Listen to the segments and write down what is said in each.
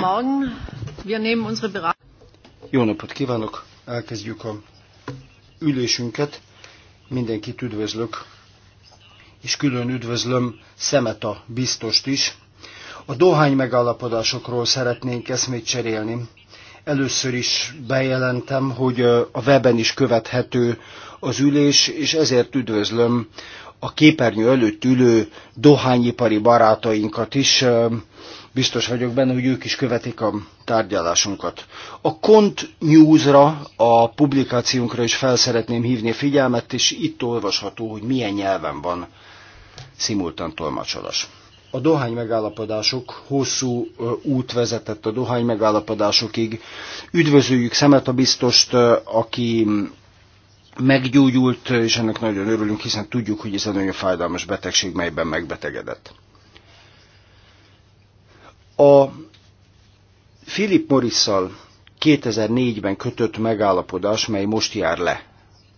Morgen. Wir nehmen unsere Jó napot kívánok! Elkezdjük a ülésünket. Mindenkit üdvözlök, és külön üdvözlöm Szemeta biztost is. A dohány megállapodásokról szeretnénk eszmét cserélni. Először is bejelentem, hogy a weben is követhető az ülés, és ezért üdvözlöm a képernyő előtt ülő dohányipari barátainkat is, biztos vagyok benne, hogy ők is követik a tárgyalásunkat. A Kont News-ra, a publikációnkra is felszeretném hívni a figyelmet, és itt olvasható, hogy milyen nyelven van szimultán tolmácsolás. A dohány megállapodások hosszú út vezetett a dohány megállapodásokig. Üdvözöljük Szemet a biztost, aki meggyógyult, és ennek nagyon örülünk, hiszen tudjuk, hogy ez a nagyon fájdalmas betegség, melyben megbetegedett. A Philip Morrisszal 2004-ben kötött megállapodás, mely most jár le,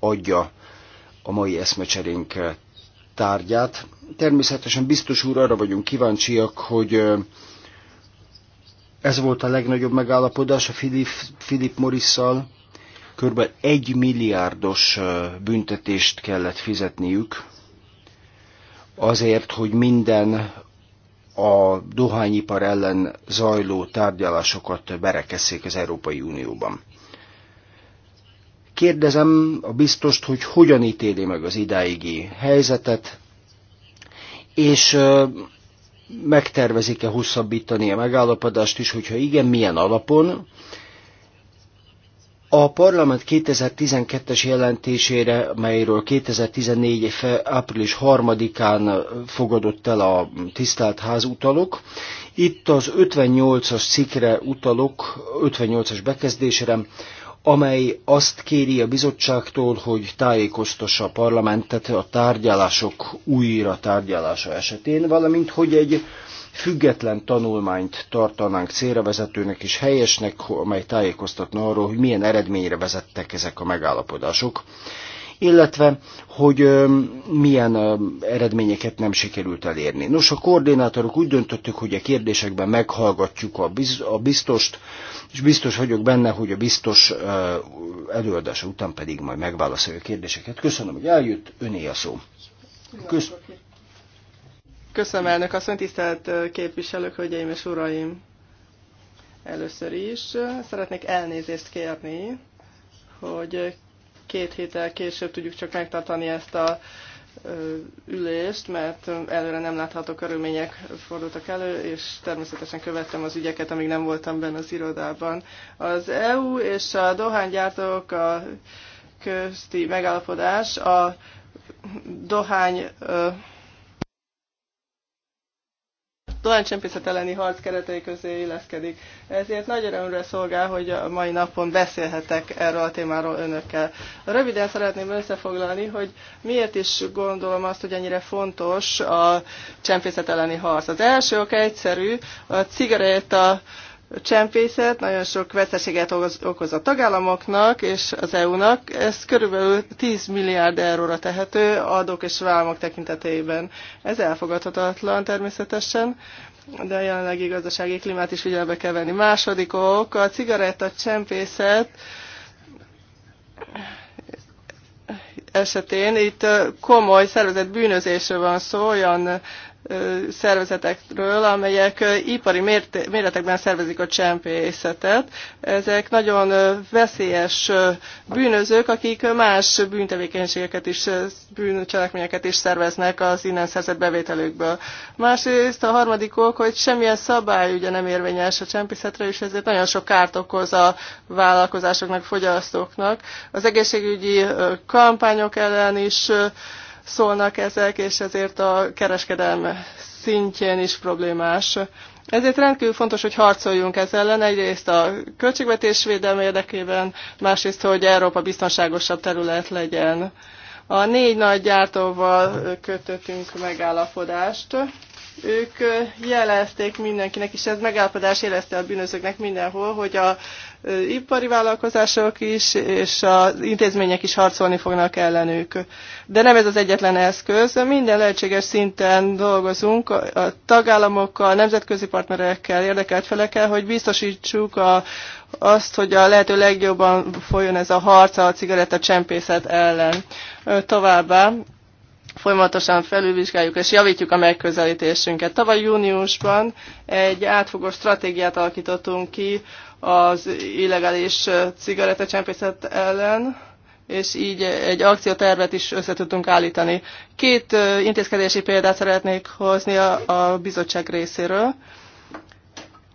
adja a mai eszmecserénk tárgyát. Természetesen biztos úr, arra vagyunk kíváncsiak, hogy ez volt a legnagyobb megállapodás a Philip, Philip Morrisszal, kb. 1 milliárdos büntetést kellett fizetniük azért, hogy minden a dohányipar ellen zajló tárgyalásokat berekesszék az Európai Unióban. Kérdezem a biztost, hogy hogyan ítéli meg az idáigi helyzetet, és megtervezik-e hosszabbítani a megállapodást is, hogyha igen, milyen alapon, a parlament 2012-es jelentésére, melyről 2014. április 3-án fogadott el a tisztelt ház utalok, itt az 58-as cikre utalok, 58-as bekezdésre, amely azt kéri a bizottságtól, hogy tájékoztassa a parlamentet a tárgyalások újra tárgyalása esetén, valamint hogy egy független tanulmányt tartanánk célravezetőnek és helyesnek, amely tájékoztatna arról, hogy milyen eredményre vezettek ezek a megállapodások illetve hogy milyen eredményeket nem sikerült elérni. Nos, a koordinátorok úgy döntöttük, hogy a kérdésekben meghallgatjuk a, biz, a biztost, és biztos vagyok benne, hogy a biztos előadása után pedig majd megválaszolja a kérdéseket. Köszönöm, hogy eljött, öné a szó. Kösz, Köszönöm, elnök asszony, tisztelt képviselők, hölgyeim és uraim! Először is szeretnék elnézést kérni, hogy két héttel később tudjuk csak megtartani ezt a ülést, mert előre nem látható körülmények fordultak elő, és természetesen követtem az ügyeket, amíg nem voltam benne az irodában. Az EU és a dohánygyártók a közti megállapodás a dohány dohánycsempészet elleni harc keretei közé illeszkedik. Ezért nagy örömre szolgál, hogy a mai napon beszélhetek erről a témáról önökkel. Röviden szeretném összefoglalni, hogy miért is gondolom azt, hogy ennyire fontos a csempészet elleni harc. Az első ok egyszerű, a cigaretta csempészet nagyon sok veszteséget okoz a tagállamoknak és az EU-nak. Ez körülbelül 10 milliárd euróra tehető adók és vámok tekintetében. Ez elfogadhatatlan természetesen, de a jelenlegi gazdasági klímát is figyelembe kell venni. Második ok, a cigaretta csempészet esetén itt komoly szervezett bűnözésről van szó, olyan szervezetekről, amelyek ipari méretekben szervezik a csempészetet. Ezek nagyon veszélyes bűnözők, akik más bűntevékenységeket is, bűncselekményeket is szerveznek az innen szerzett bevételükből. Másrészt a harmadik ok, hogy semmilyen szabály ugye nem érvényes a csempészetre, és ezért nagyon sok kárt okoz a vállalkozásoknak, fogyasztóknak. Az egészségügyi kampányok ellen is szólnak ezek, és ezért a kereskedelme szintjén is problémás. Ezért rendkívül fontos, hogy harcoljunk ez ellen, egyrészt a költségvetés védelme érdekében, másrészt, hogy Európa biztonságosabb terület legyen. A négy nagy gyártóval kötöttünk megállapodást. Ők jelezték mindenkinek, és ez megállapodás jelezte a bűnözőknek mindenhol, hogy a ipari vállalkozások is, és az intézmények is harcolni fognak ellenük. De nem ez az egyetlen eszköz, minden lehetséges szinten dolgozunk a tagállamokkal, nemzetközi partnerekkel, érdekelt felekkel, hogy biztosítsuk a, azt, hogy a lehető legjobban folyjon ez a harc a cigaretta csempészet ellen. Továbbá folyamatosan felülvizsgáljuk és javítjuk a megközelítésünket. Tavaly júniusban egy átfogó stratégiát alakítottunk ki az illegális cigarettacsempészet ellen, és így egy akciótervet is össze tudtunk állítani. Két intézkedési példát szeretnék hozni a, a bizottság részéről.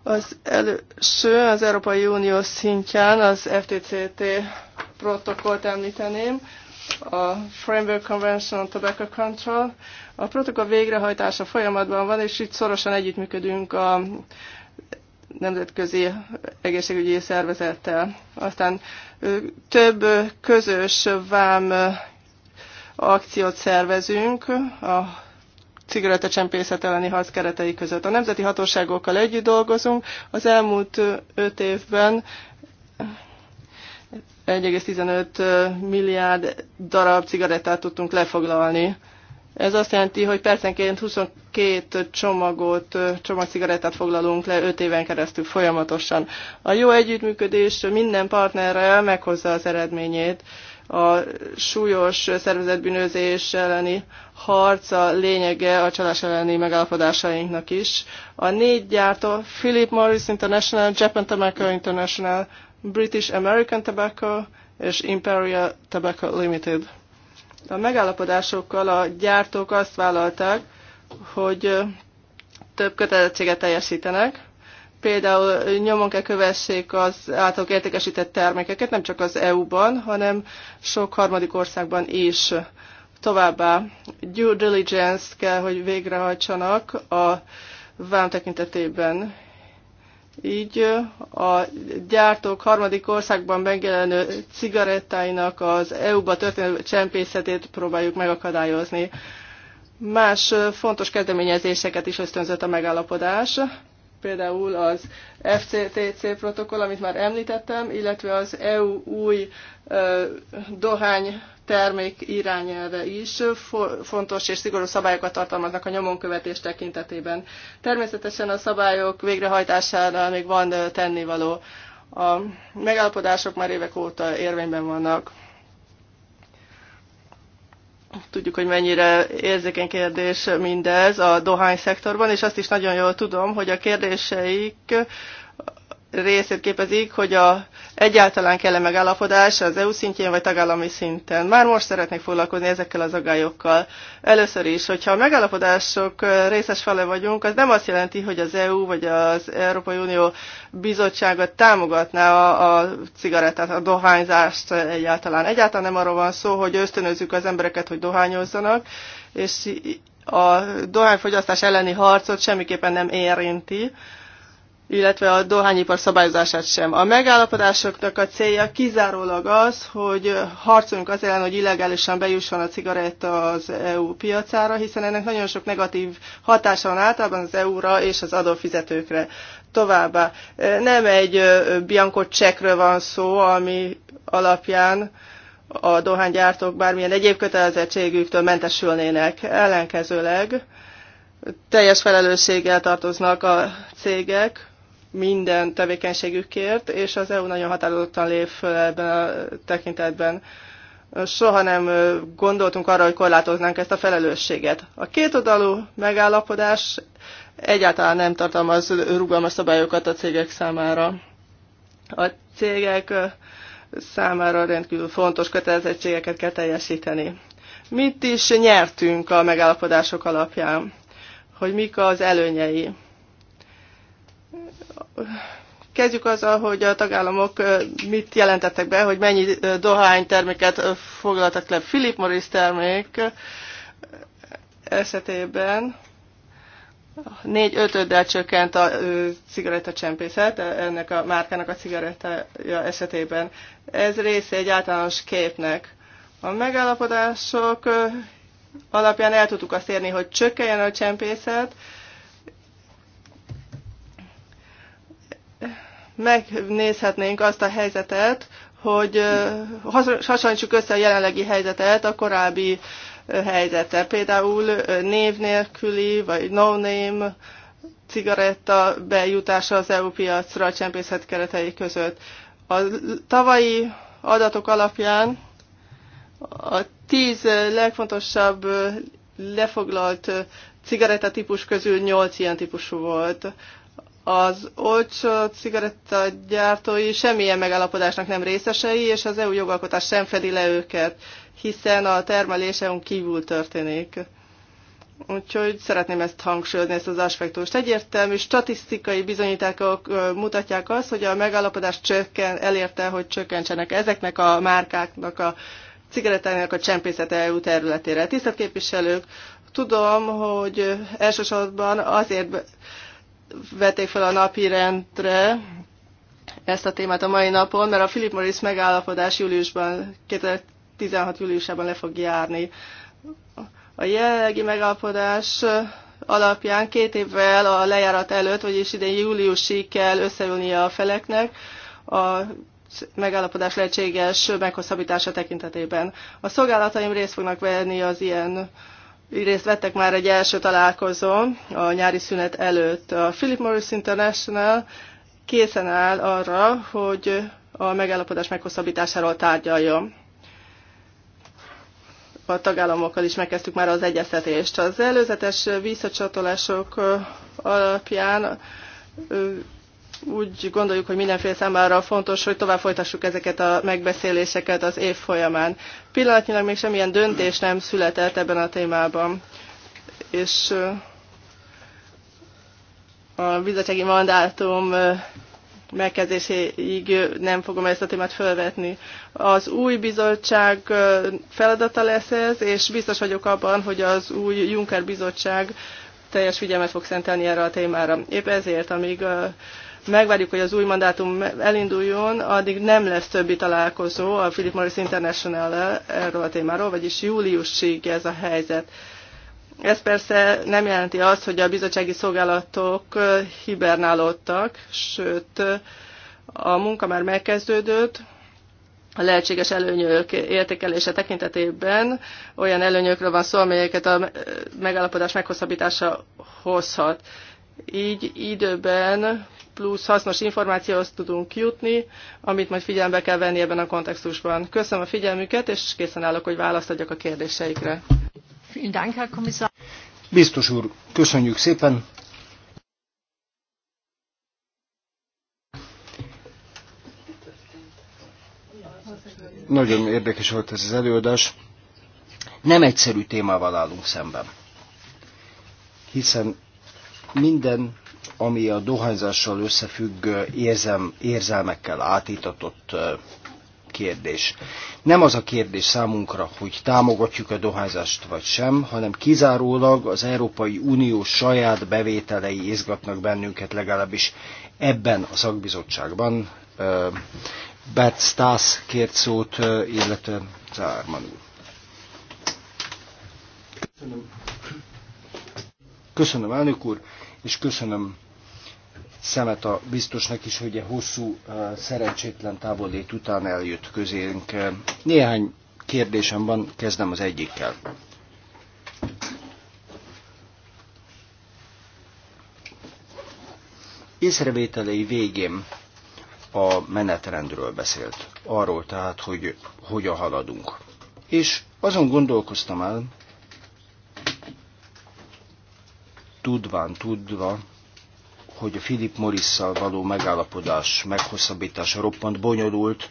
Az első az Európai Unió szintján az FTCT protokollt említeném, a Framework Convention on Tobacco Control. A protokoll végrehajtása folyamatban van, és itt szorosan együttműködünk a nemzetközi egészségügyi szervezettel. Aztán több közös vám akciót szervezünk a cigarettacsempészet elleni harc keretei között. A nemzeti hatóságokkal együtt dolgozunk. Az elmúlt öt évben 1,15 milliárd darab cigarettát tudtunk lefoglalni. Ez azt jelenti, hogy percenként 22 csomagot, csomagcigarettát foglalunk le 5 éven keresztül folyamatosan. A jó együttműködés minden partnerrel meghozza az eredményét. A súlyos szervezetbűnözés elleni harca lényege a csalás elleni megállapodásainknak is. A négy gyártó Philip Morris International, Japan Tobacco International, British American Tobacco és Imperial Tobacco Limited a megállapodásokkal a gyártók azt vállalták, hogy több kötelezettséget teljesítenek, például nyomon kell kövessék az általuk értékesített termékeket, nem csak az EU-ban, hanem sok harmadik országban is. Továbbá due diligence kell, hogy végrehajtsanak a vám tekintetében, így a gyártók harmadik országban megjelenő cigarettáinak az EU-ba történő csempészetét próbáljuk megakadályozni. Más fontos kezdeményezéseket is ösztönzött a megállapodás, például az FCTC protokoll, amit már említettem, illetve az EU új dohány termék irányelve is fontos és szigorú szabályokat tartalmaznak a nyomonkövetés tekintetében. Természetesen a szabályok végrehajtására még van tennivaló. A megállapodások már évek óta érvényben vannak. Tudjuk, hogy mennyire érzékeny kérdés mindez a dohány szektorban, és azt is nagyon jól tudom, hogy a kérdéseik részét képezik, hogy a egyáltalán kell-e megállapodás az EU szintjén vagy tagállami szinten. Már most szeretnék foglalkozni ezekkel az agályokkal. Először is, hogyha a megállapodások részes fele vagyunk, az nem azt jelenti, hogy az EU vagy az Európai Unió bizottsága támogatná a, a cigarettát, a dohányzást egyáltalán. Egyáltalán nem arról van szó, hogy ösztönözzük az embereket, hogy dohányozzanak, és a dohányfogyasztás elleni harcot semmiképpen nem érinti illetve a dohányipar szabályozását sem. A megállapodásoknak a célja kizárólag az, hogy harcolunk az ellen, hogy illegálisan bejusson a cigaretta az EU piacára, hiszen ennek nagyon sok negatív hatása van általában az EU-ra és az adófizetőkre. Továbbá e, nem egy e, bianco csekről van szó, ami alapján a dohánygyártók bármilyen egyéb kötelezettségüktől mentesülnének. Ellenkezőleg teljes felelősséggel tartoznak a cégek, minden tevékenységükért, és az EU nagyon határozottan lép föl ebben a tekintetben. Soha nem gondoltunk arra, hogy korlátoznánk ezt a felelősséget. A kétoldalú megállapodás egyáltalán nem tartalmaz rugalmas szabályokat a cégek számára. A cégek számára rendkívül fontos kötelezettségeket kell teljesíteni. Mit is nyertünk a megállapodások alapján? Hogy mik az előnyei? Kezdjük azzal, hogy a tagállamok mit jelentettek be, hogy mennyi Dohány terméket foglaltak le. Philip Morris termék esetében 4-5-del csökkent a cigarettacsempészet, ennek a márkának a cigarettája esetében. Ez része egy általános képnek. A megállapodások alapján el tudtuk azt érni, hogy csökkenjen a csempészet, megnézhetnénk azt a helyzetet, hogy hasonlítsuk össze a jelenlegi helyzetet a korábbi helyzettel. Például név nélküli vagy no-name cigaretta bejutása az EU piacra a csempészet keretei között. A tavalyi adatok alapján a tíz legfontosabb lefoglalt cigarettatípus közül nyolc ilyen típusú volt az olcsó cigarettagyártói semmilyen megállapodásnak nem részesei, és az EU jogalkotás sem fedi le őket, hiszen a termelésen kívül történik. Úgyhogy szeretném ezt hangsúlyozni, ezt az aspektust. Egyértelmű statisztikai bizonyítékok mutatják azt, hogy a megállapodás csökken, elérte, hogy csökkentsenek ezeknek a márkáknak a cigarettának a csempészete EU területére. Tisztelt képviselők, tudom, hogy elsősorban azért vették fel a napi rendre ezt a témát a mai napon, mert a Philip Morris megállapodás júliusban, 2016 júliusában le fog járni. A jelenlegi megállapodás alapján két évvel a lejárat előtt, vagyis idén júliusig kell összeülnie a feleknek a megállapodás lehetséges meghosszabbítása tekintetében. A szolgálataim részt fognak venni az ilyen részt vettek már egy első találkozón a nyári szünet előtt. A Philip Morris International készen áll arra, hogy a megállapodás meghosszabbításáról tárgyaljon. A tagállamokkal is megkezdtük már az egyeztetést. Az előzetes visszacsatolások alapján úgy gondoljuk, hogy mindenféle számára fontos, hogy tovább folytassuk ezeket a megbeszéléseket az év folyamán. Pillanatnyilag még semmilyen döntés nem született ebben a témában. És a bizottsági mandátum megkezdéséig nem fogom ezt a témát felvetni. Az új bizottság feladata lesz ez, és biztos vagyok abban, hogy az új Juncker bizottság teljes figyelmet fog szentelni erre a témára. Épp ezért, amíg megvárjuk, hogy az új mandátum elinduljon, addig nem lesz többi találkozó a Philip Morris International erről a témáról, vagyis júliusig ez a helyzet. Ez persze nem jelenti azt, hogy a bizottsági szolgálatok hibernálódtak, sőt, a munka már megkezdődött, a lehetséges előnyök értékelése tekintetében olyan előnyökről van szó, amelyeket a megállapodás meghosszabbítása hozhat. Így időben plusz hasznos információhoz tudunk jutni, amit majd figyelembe kell venni ebben a kontextusban. Köszönöm a figyelmüket, és készen állok, hogy választ adjak a kérdéseikre. Biztos úr, köszönjük szépen! Nagyon érdekes volt ez az előadás. Nem egyszerű témával állunk szemben, hiszen minden, ami a dohányzással összefügg érzem, érzelmekkel átítatott kérdés. Nem az a kérdés számunkra, hogy támogatjuk a dohányzást vagy sem, hanem kizárólag az Európai Unió saját bevételei izgatnak bennünket legalábbis ebben a szakbizottságban. Bert Stas kért szót, illetve Zárman úr. Köszönöm. Köszönöm, elnök úr és köszönöm szemet a biztosnak is, hogy a e hosszú, e, szerencsétlen távolét után eljött közénk. E, néhány kérdésem van, kezdem az egyikkel. Észrevételei végén a menetrendről beszélt, arról tehát, hogy hogyan haladunk. És azon gondolkoztam el, tudván tudva, hogy a Philip Morrisszal való megállapodás meghosszabbítása roppant bonyolult,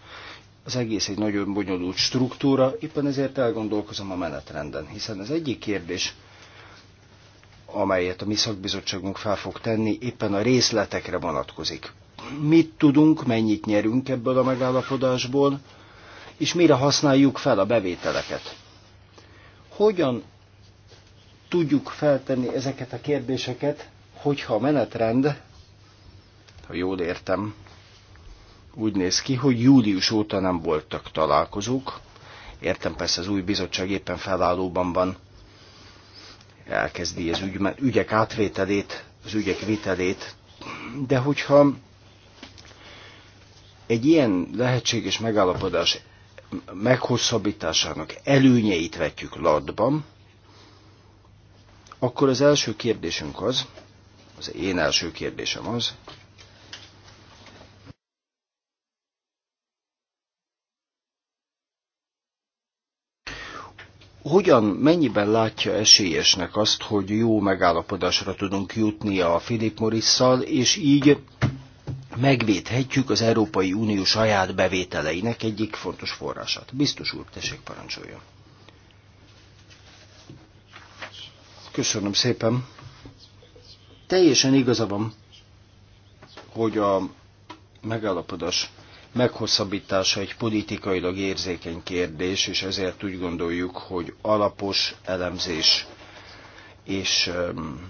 az egész egy nagyon bonyolult struktúra, éppen ezért elgondolkozom a menetrenden, hiszen az egyik kérdés, amelyet a mi szakbizottságunk fel fog tenni, éppen a részletekre vonatkozik. Mit tudunk, mennyit nyerünk ebből a megállapodásból, és mire használjuk fel a bevételeket? Hogyan tudjuk feltenni ezeket a kérdéseket, hogyha a menetrend, ha jól értem, úgy néz ki, hogy július óta nem voltak találkozók. Értem persze, az új bizottság éppen felállóban van, elkezdi az ügy, ügyek átvételét, az ügyek vitelét, de hogyha egy ilyen lehetséges megállapodás meghosszabbításának előnyeit vetjük latban, akkor az első kérdésünk az, az én első kérdésem az, hogyan, mennyiben látja esélyesnek azt, hogy jó megállapodásra tudunk jutni a Philip Morrisszal, és így megvédhetjük az Európai Unió saját bevételeinek egyik fontos forrását. Biztos úr, tessék parancsoljon. Köszönöm szépen. Teljesen igaza van, hogy a megállapodás meghosszabbítása egy politikailag érzékeny kérdés, és ezért úgy gondoljuk, hogy alapos elemzés és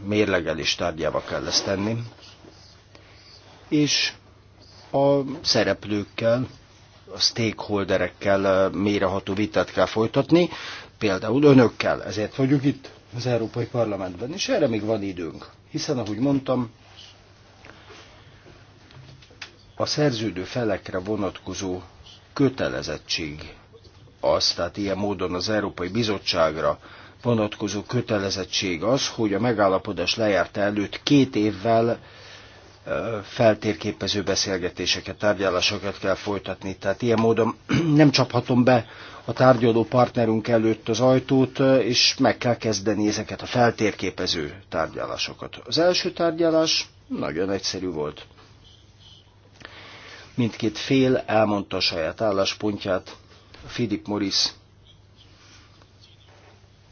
mérlegelés tárgyába kell ezt tenni. És a szereplőkkel, a stakeholderekkel méreható vitát kell folytatni, például önökkel, ezért vagyunk itt az Európai Parlamentben, és erre még van időnk, hiszen ahogy mondtam, a szerződő felekre vonatkozó kötelezettség az, tehát ilyen módon az Európai Bizottságra vonatkozó kötelezettség az, hogy a megállapodás lejárta előtt két évvel feltérképező beszélgetéseket, tárgyalásokat kell folytatni. Tehát ilyen módon nem csaphatom be a tárgyaló partnerünk előtt az ajtót, és meg kell kezdeni ezeket a feltérképező tárgyalásokat. Az első tárgyalás nagyon egyszerű volt. Mindkét fél elmondta a saját álláspontját. Philip Morris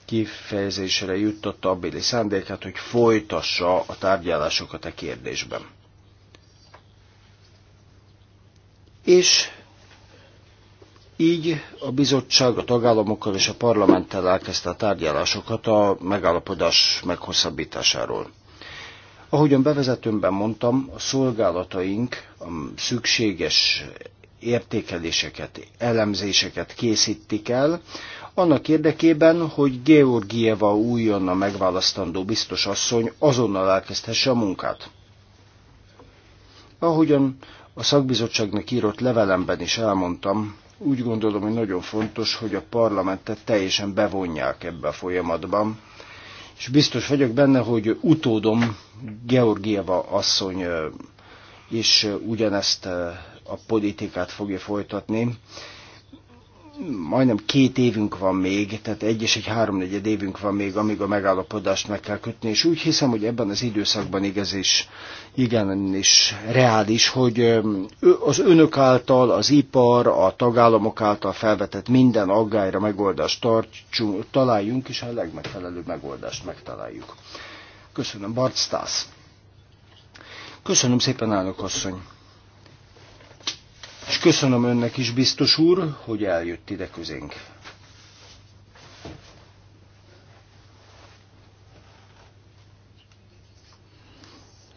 kifejezésre juttatta abbéli szándékát, hogy folytassa a tárgyalásokat a kérdésben. És így a bizottság a tagállamokkal és a parlamenttel elkezdte a tárgyalásokat a megállapodás meghosszabbításáról. Ahogyan bevezetőmben mondtam, a szolgálataink a szükséges értékeléseket, elemzéseket készítik el, annak érdekében, hogy Georgieva újonnan megválasztandó biztos asszony azonnal elkezdhesse a munkát. Ahogyan a szakbizottságnak írott levelemben is elmondtam, úgy gondolom, hogy nagyon fontos, hogy a parlamentet teljesen bevonják ebbe a folyamatban, és biztos vagyok benne, hogy utódom Georgieva asszony is ugyanezt a politikát fogja folytatni, majdnem két évünk van még, tehát egy és egy háromnegyed évünk van még, amíg a megállapodást meg kell kötni, és úgy hiszem, hogy ebben az időszakban igaz is, igen, és reális, hogy az önök által, az ipar, a tagállamok által felvetett minden aggályra megoldást tartsunk, találjunk, és a legmegfelelőbb megoldást megtaláljuk. Köszönöm, Bart Stász. Köszönöm szépen, állok asszony. És köszönöm önnek is, biztos úr, hogy eljött ide közénk.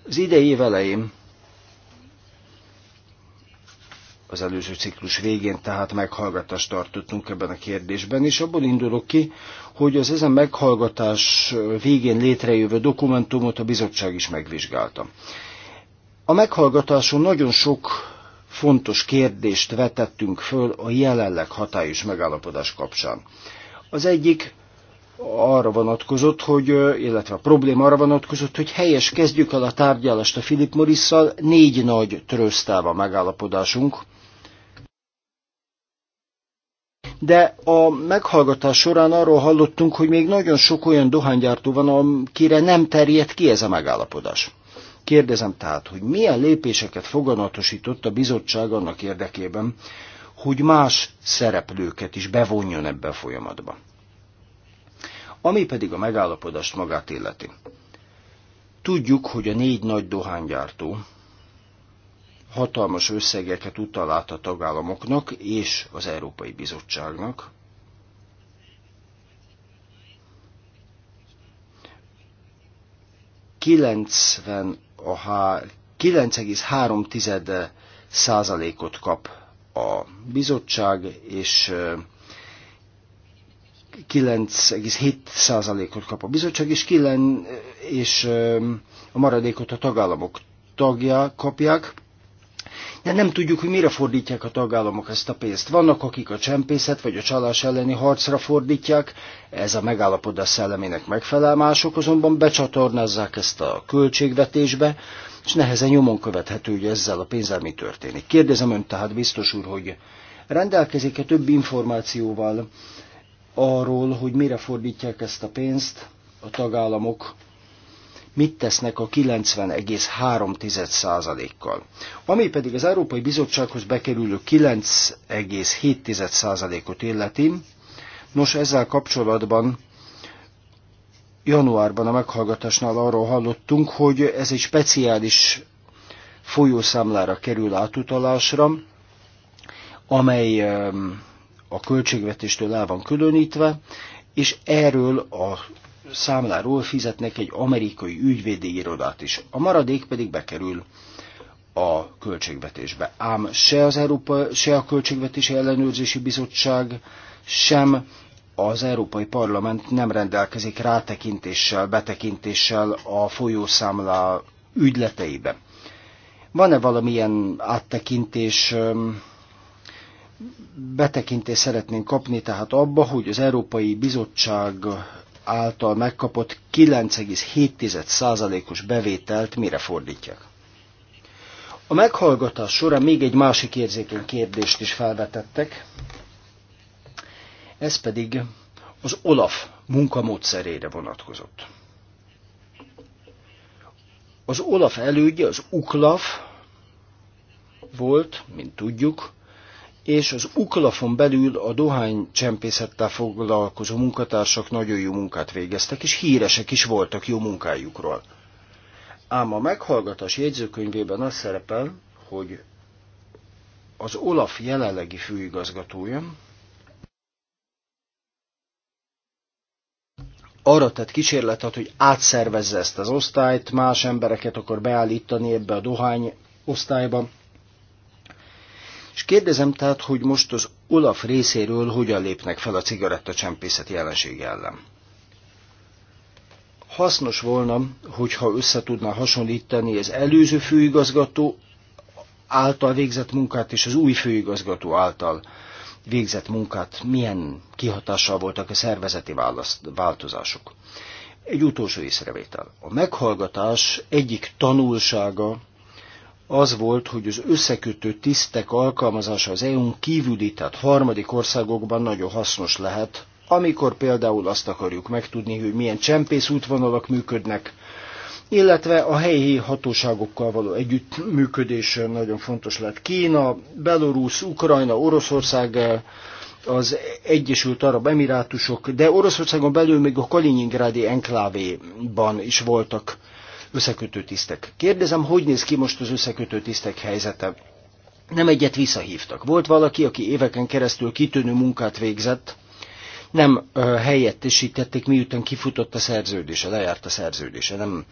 Az idei év elején, az előző ciklus végén, tehát meghallgatást tartottunk ebben a kérdésben, és abból indulok ki, hogy az ezen meghallgatás végén létrejövő dokumentumot a bizottság is megvizsgálta. A meghallgatáson nagyon sok fontos kérdést vetettünk föl a jelenleg hatályos megállapodás kapcsán. Az egyik arra vonatkozott, hogy, illetve a probléma arra vonatkozott, hogy helyes kezdjük el a tárgyalást a Philip morris négy nagy a megállapodásunk, de a meghallgatás során arról hallottunk, hogy még nagyon sok olyan dohánygyártó van, akire nem terjed ki ez a megállapodás. Kérdezem tehát, hogy milyen lépéseket foganatosított a bizottság annak érdekében, hogy más szereplőket is bevonjon ebbe a folyamatba. Ami pedig a megállapodást magát illeti. Tudjuk, hogy a négy nagy dohánygyártó hatalmas összegeket utal át a tagállamoknak és az Európai Bizottságnak, Kilencven ha 9,3 eh, százalékot kap a bizottság, és 97 eh, százalékot kap a bizottság, és, 9, és eh, a maradékot a tagállamok tagja kapják de nem tudjuk, hogy mire fordítják a tagállamok ezt a pénzt. Vannak, akik a csempészet vagy a csalás elleni harcra fordítják, ez a megállapodás szellemének megfelel, mások azonban becsatornázzák ezt a költségvetésbe, és nehezen nyomon követhető, hogy ezzel a pénzzel mi történik. Kérdezem ön tehát biztos úr, hogy rendelkezik-e több információval arról, hogy mire fordítják ezt a pénzt a tagállamok, mit tesznek a 90,3%-kal. Ami pedig az Európai Bizottsághoz bekerülő 9,7%-ot illeti, nos ezzel kapcsolatban januárban a meghallgatásnál arról hallottunk, hogy ez egy speciális folyószámlára kerül átutalásra, amely a költségvetéstől el van különítve, és erről a számláról fizetnek egy amerikai ügyvédi irodát is. A maradék pedig bekerül a költségvetésbe. Ám se az Európa, se a Költségvetési Ellenőrzési Bizottság, sem az Európai Parlament nem rendelkezik rátekintéssel, betekintéssel a folyószámlá ügyleteibe. Van-e valamilyen áttekintés, betekintést szeretnénk kapni tehát abba, hogy az Európai Bizottság által megkapott 9,7%-os bevételt mire fordítják. A meghallgatás során még egy másik érzékeny kérdést is felvetettek, ez pedig az OLAF munkamódszerére vonatkozott. Az OLAF elődje az UKLAF volt, mint tudjuk, és az uklafon belül a dohánycsempészettel foglalkozó munkatársak nagyon jó munkát végeztek, és híresek is voltak jó munkájukról. Ám a meghallgatás jegyzőkönyvében az szerepel, hogy az Olaf jelenlegi főigazgatója arra tett kísérletet, hogy átszervezze ezt az osztályt, más embereket akar beállítani ebbe a dohány osztályba, és kérdezem tehát, hogy most az Olaf részéről hogyan lépnek fel a cigarettacsempészet jelenség ellen. Hasznos volna, hogyha összetudná hasonlítani az előző főigazgató által végzett munkát és az új főigazgató által végzett munkát, milyen kihatással voltak a szervezeti választ, változások. Egy utolsó észrevétel. A meghallgatás egyik tanulsága az volt, hogy az összekötő tisztek alkalmazása az EU-n kívüli, tehát harmadik országokban nagyon hasznos lehet, amikor például azt akarjuk megtudni, hogy milyen csempész útvonalak működnek, illetve a helyi hatóságokkal való együttműködés nagyon fontos lett. Kína, Belarus, Ukrajna, Oroszország, az Egyesült Arab Emirátusok, de Oroszországon belül még a Kaliningrádi enklávéban is voltak összekötő tisztek. Kérdezem, hogy néz ki most az összekötő tisztek helyzete? Nem egyet visszahívtak. Volt valaki, aki éveken keresztül kitűnő munkát végzett, nem ö, helyettesítették, miután kifutott a szerződése, lejárt a szerződése, nem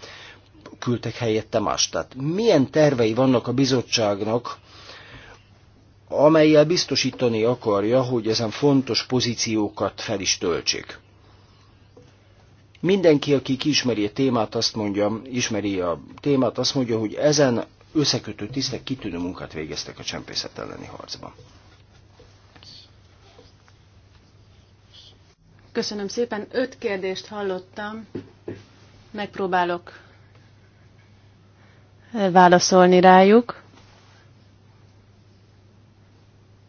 küldtek helyette más. Tehát milyen tervei vannak a bizottságnak, amelyel biztosítani akarja, hogy ezen fontos pozíciókat fel is töltsék. Mindenki, aki ismeri a témát, azt mondja, ismeri a témát, azt mondja, hogy ezen összekötő tisztek kitűnő munkát végeztek a csempészet elleni harcban. Köszönöm szépen. Öt kérdést hallottam. Megpróbálok válaszolni rájuk.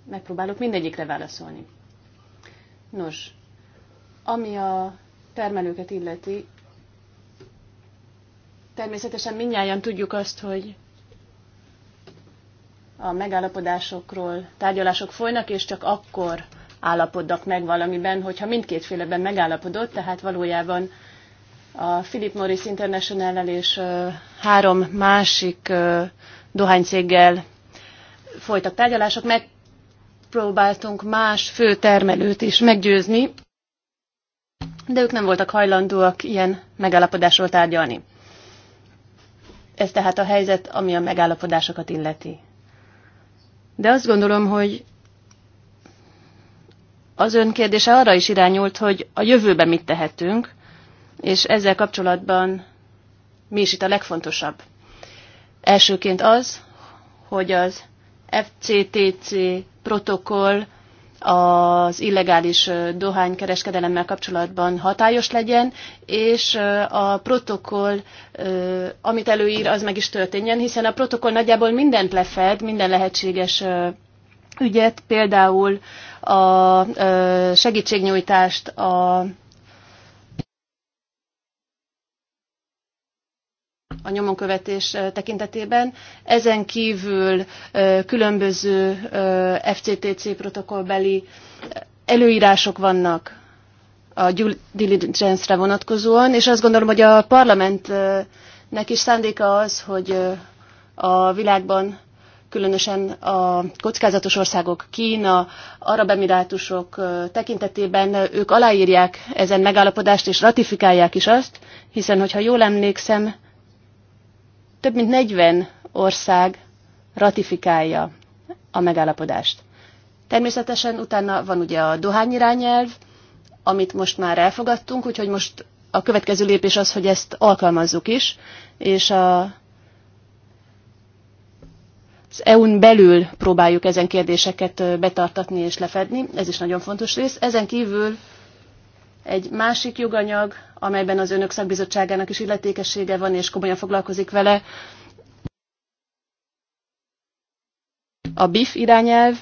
Megpróbálok mindegyikre válaszolni. Nos, ami a termelőket illeti, természetesen mindnyáján tudjuk azt, hogy a megállapodásokról tárgyalások folynak, és csak akkor állapodnak meg valamiben, hogyha mindkét féleben megállapodott, tehát valójában a Philip Morris international és három másik dohánycéggel folytak tárgyalások, megpróbáltunk más fő termelőt is meggyőzni, de ők nem voltak hajlandóak ilyen megállapodásról tárgyalni. Ez tehát a helyzet, ami a megállapodásokat illeti. De azt gondolom, hogy az ön kérdése arra is irányult, hogy a jövőben mit tehetünk, és ezzel kapcsolatban mi is itt a legfontosabb. Elsőként az, hogy az FCTC protokoll az illegális dohánykereskedelemmel kapcsolatban hatályos legyen, és a protokoll, amit előír, az meg is történjen, hiszen a protokoll nagyjából mindent lefed, minden lehetséges ügyet, például a segítségnyújtást a a nyomonkövetés tekintetében. Ezen kívül különböző FCTC protokollbeli előírások vannak a due diligence-re vonatkozóan, és azt gondolom, hogy a parlamentnek is szándéka az, hogy a világban különösen a kockázatos országok, Kína, Arab Emirátusok tekintetében ők aláírják ezen megállapodást és ratifikálják is azt, hiszen hogyha jól emlékszem, több mint 40 ország ratifikálja a megállapodást. Természetesen utána van ugye a dohányirányelv, amit most már elfogadtunk, úgyhogy most a következő lépés az, hogy ezt alkalmazzuk is, és a, az EU-n belül próbáljuk ezen kérdéseket betartatni és lefedni, ez is nagyon fontos rész. Ezen kívül egy másik joganyag, amelyben az önök szakbizottságának is illetékessége van, és komolyan foglalkozik vele, a BIF irányelv,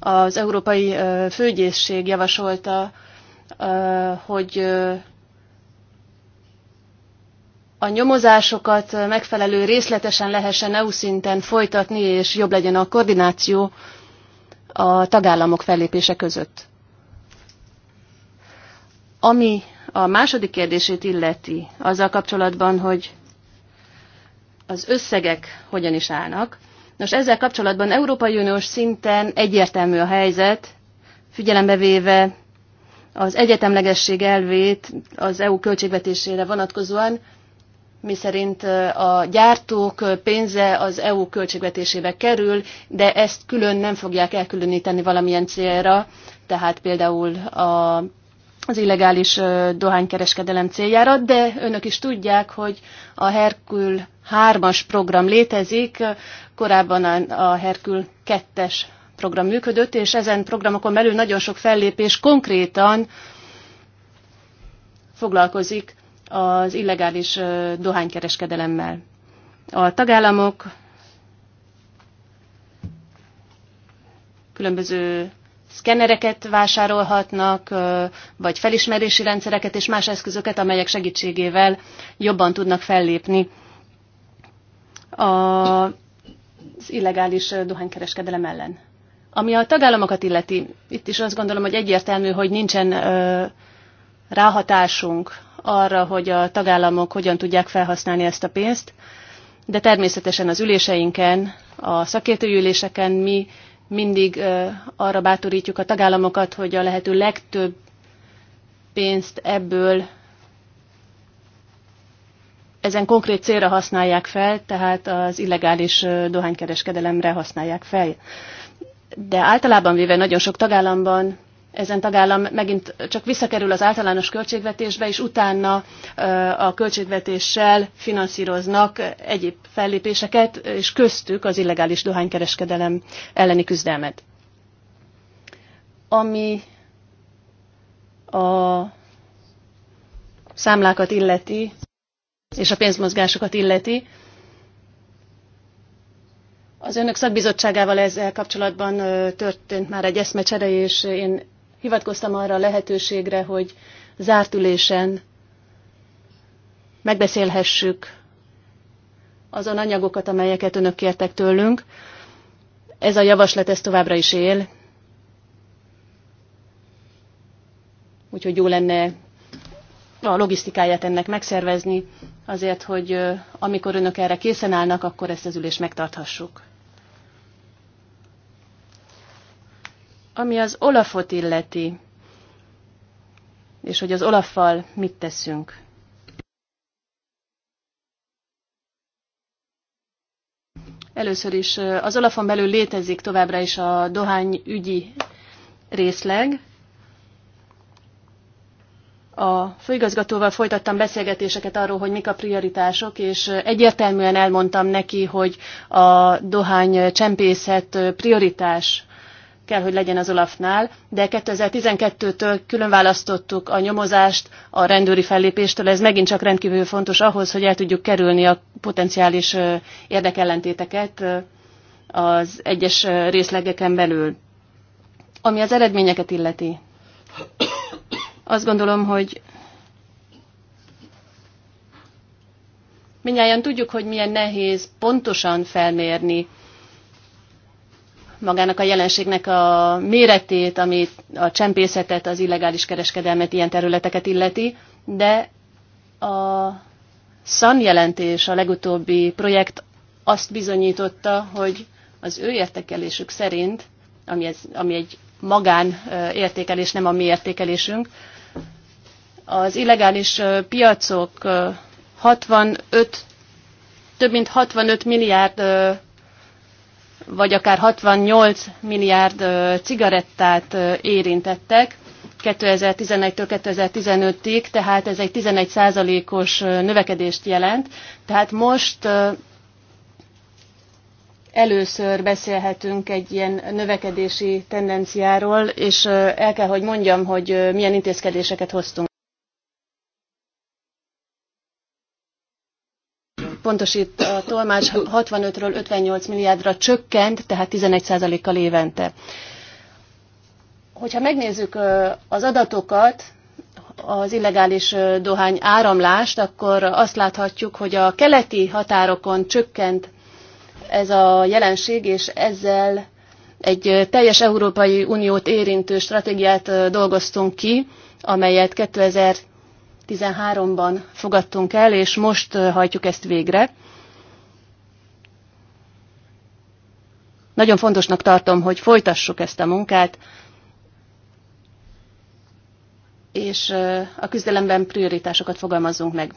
az Európai Főgyészség javasolta, hogy a nyomozásokat megfelelő részletesen lehessen EU szinten folytatni, és jobb legyen a koordináció a tagállamok fellépése között. Ami a második kérdését illeti, azzal kapcsolatban, hogy az összegek hogyan is állnak. Nos, ezzel kapcsolatban Európai Uniós szinten egyértelmű a helyzet, figyelembe véve az egyetemlegesség elvét az EU költségvetésére vonatkozóan, miszerint a gyártók pénze az EU költségvetésébe kerül, de ezt külön nem fogják elkülöníteni valamilyen célra, tehát például a, az illegális dohánykereskedelem céljára, de önök is tudják, hogy a Herkül 3-as program létezik, korábban a Herkül 2-es program működött, és ezen programokon belül nagyon sok fellépés konkrétan foglalkozik az illegális dohánykereskedelemmel. A tagállamok különböző szkennereket vásárolhatnak, vagy felismerési rendszereket és más eszközöket, amelyek segítségével jobban tudnak fellépni az illegális dohánykereskedelem ellen. Ami a tagállamokat illeti, itt is azt gondolom, hogy egyértelmű, hogy nincsen ráhatásunk arra, hogy a tagállamok hogyan tudják felhasználni ezt a pénzt, de természetesen az üléseinken, a szakértői üléseken mi mindig arra bátorítjuk a tagállamokat, hogy a lehető legtöbb pénzt ebből ezen konkrét célra használják fel, tehát az illegális dohánykereskedelemre használják fel. De általában véve nagyon sok tagállamban ezen tagállam megint csak visszakerül az általános költségvetésbe, és utána a költségvetéssel finanszíroznak egyéb fellépéseket, és köztük az illegális dohánykereskedelem elleni küzdelmet. Ami a számlákat illeti, és a pénzmozgásokat illeti, az önök szakbizottságával ezzel kapcsolatban történt már egy eszmecsere, és én hivatkoztam arra a lehetőségre, hogy zárt ülésen megbeszélhessük azon anyagokat, amelyeket önök kértek tőlünk. Ez a javaslat, ez továbbra is él. Úgyhogy jó lenne a logisztikáját ennek megszervezni, azért, hogy amikor önök erre készen állnak, akkor ezt az ülést megtarthassuk. Ami az Olafot illeti, és hogy az Olaffal mit teszünk. Először is az Olafon belül létezik továbbra is a Dohány ügyi részleg. A főigazgatóval folytattam beszélgetéseket arról, hogy mik a prioritások, és egyértelműen elmondtam neki, hogy a dohány csempészet prioritás kell, hogy legyen az Olafnál, de 2012-től külön választottuk a nyomozást a rendőri fellépéstől, ez megint csak rendkívül fontos ahhoz, hogy el tudjuk kerülni a potenciális érdekellentéteket az egyes részlegeken belül. Ami az eredményeket illeti, azt gondolom, hogy minnyáján tudjuk, hogy milyen nehéz pontosan felmérni magának a jelenségnek a méretét, ami a csempészetet, az illegális kereskedelmet, ilyen területeket illeti, de a SZAN jelentés, a legutóbbi projekt azt bizonyította, hogy az ő értékelésük szerint, ami, ez, ami egy magán értékelés, nem a mi értékelésünk, az illegális piacok 65, több mint 65 milliárd vagy akár 68 milliárd cigarettát érintettek 2011-től 2015-ig, tehát ez egy 11%-os növekedést jelent. Tehát most először beszélhetünk egy ilyen növekedési tendenciáról, és el kell, hogy mondjam, hogy milyen intézkedéseket hoztunk. pontosít a tolmács 65-ről 58 milliárdra csökkent, tehát 11%-kal évente. Hogyha megnézzük az adatokat, az illegális dohány áramlást, akkor azt láthatjuk, hogy a keleti határokon csökkent ez a jelenség, és ezzel egy teljes Európai Uniót érintő stratégiát dolgoztunk ki, amelyet 2000 2013-ban fogadtunk el, és most hajtjuk ezt végre. Nagyon fontosnak tartom, hogy folytassuk ezt a munkát, és a küzdelemben prioritásokat fogalmazzunk meg.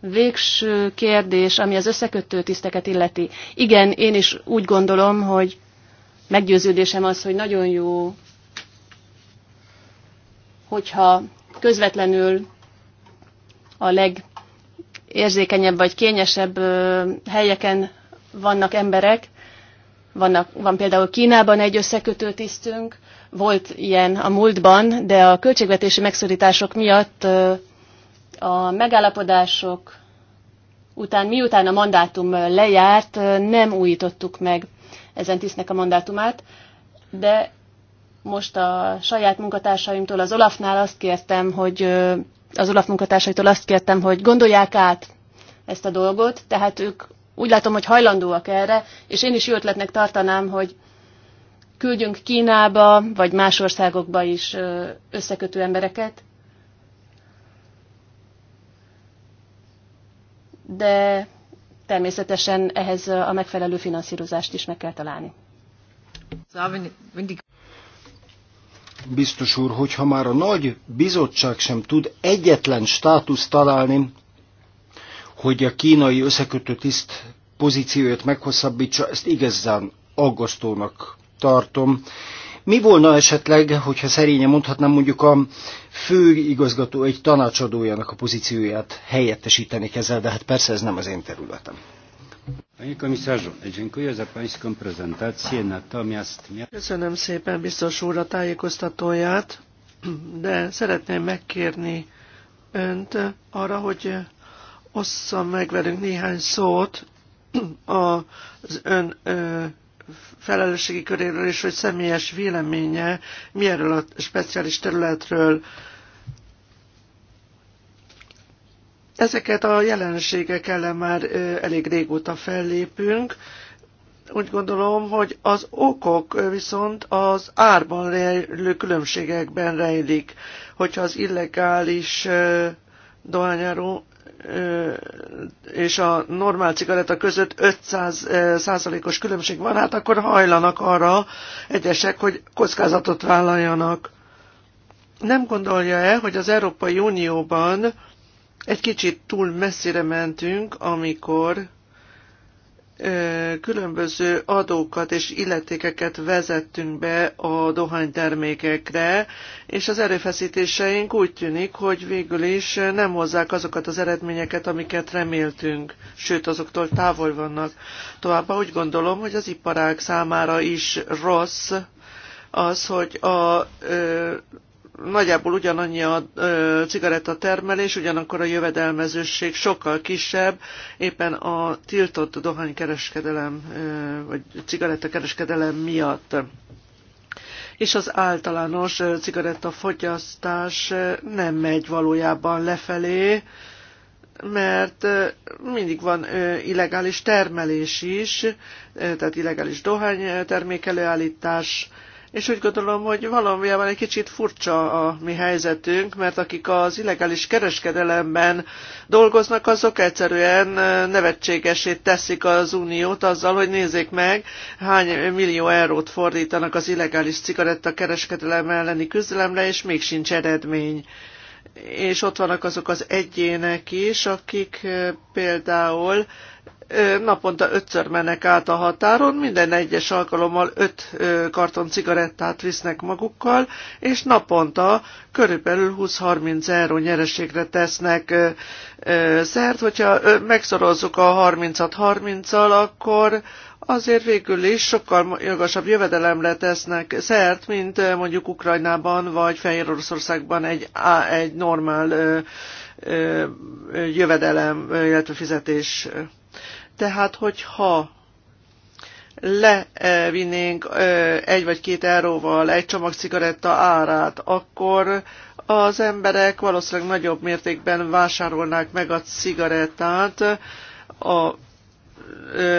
Végső kérdés, ami az összekötő tiszteket illeti. Igen, én is úgy gondolom, hogy meggyőződésem az, hogy nagyon jó, hogyha közvetlenül a legérzékenyebb vagy kényesebb helyeken vannak emberek. Vannak, van például Kínában egy összekötő tisztünk, volt ilyen a múltban, de a költségvetési megszorítások miatt a megállapodások után, miután a mandátum lejárt, nem újítottuk meg ezen tisztnek a mandátumát, de most a saját munkatársaimtól az Olafnál azt kértem, hogy az Olaf munkatársaitól azt kértem, hogy gondolják át ezt a dolgot, tehát ők úgy látom, hogy hajlandóak erre, és én is jó ötletnek tartanám, hogy küldjünk Kínába, vagy más országokba is összekötő embereket, de természetesen ehhez a megfelelő finanszírozást is meg kell találni biztos úr, hogyha már a nagy bizottság sem tud egyetlen státuszt találni, hogy a kínai összekötő tiszt pozícióját meghosszabbítsa, ezt igazán aggasztónak tartom. Mi volna esetleg, hogyha szerényen mondhatnám, mondjuk a fő igazgató egy tanácsadójának a pozícióját helyettesítenék ezzel, de hát persze ez nem az én területem. Panie komisarzu, dziękuję za pańską prezentację, natomiast... Köszönöm szépen biztos úr a tájékoztatóját, de szeretném megkérni önt arra, hogy ossza meg velünk néhány szót az ön felelősségi köréről, és hogy személyes véleménye mi erről a speciális területről Ezeket a jelenségek ellen már elég régóta fellépünk. Úgy gondolom, hogy az okok viszont az árban rejlő különbségekben rejlik. Hogyha az illegális dohányáró és a normál cigaretta között 500 százalékos különbség van, hát akkor hajlanak arra egyesek, hogy kockázatot vállaljanak. Nem gondolja-e, hogy az Európai Unióban egy kicsit túl messzire mentünk, amikor különböző adókat és illetékeket vezettünk be a dohánytermékekre, és az erőfeszítéseink úgy tűnik, hogy végül is nem hozzák azokat az eredményeket, amiket reméltünk, sőt azoktól távol vannak. Továbbá úgy gondolom, hogy az iparág számára is rossz az, hogy a ö, nagyjából ugyanannyi a cigarettatermelés, ugyanakkor a jövedelmezőség sokkal kisebb, éppen a tiltott dohánykereskedelem vagy cigarettakereskedelem miatt és az általános cigarettafogyasztás nem megy valójában lefelé, mert mindig van illegális termelés is, tehát illegális dohány előállítás, és úgy gondolom, hogy valamivel egy kicsit furcsa a mi helyzetünk, mert akik az illegális kereskedelemben dolgoznak, azok egyszerűen nevetségesét teszik az uniót azzal, hogy nézzék meg, hány millió eurót fordítanak az illegális cigaretta kereskedelem elleni küzdelemre, és még sincs eredmény és ott vannak azok az egyének is, akik például naponta ötször mennek át a határon, minden egyes alkalommal öt karton cigarettát visznek magukkal, és naponta körülbelül 20-30 euró nyereségre tesznek szert. Hogyha megszorozzuk a 30-at 30-al, akkor azért végül is sokkal magasabb jövedelemre tesznek szert, mint mondjuk Ukrajnában vagy Fehér Oroszországban egy, egy normál jövedelem, illetve fizetés. Tehát, hogyha levinnénk egy vagy két euróval egy csomag cigaretta árát, akkor az emberek valószínűleg nagyobb mértékben vásárolnák meg a cigarettát, a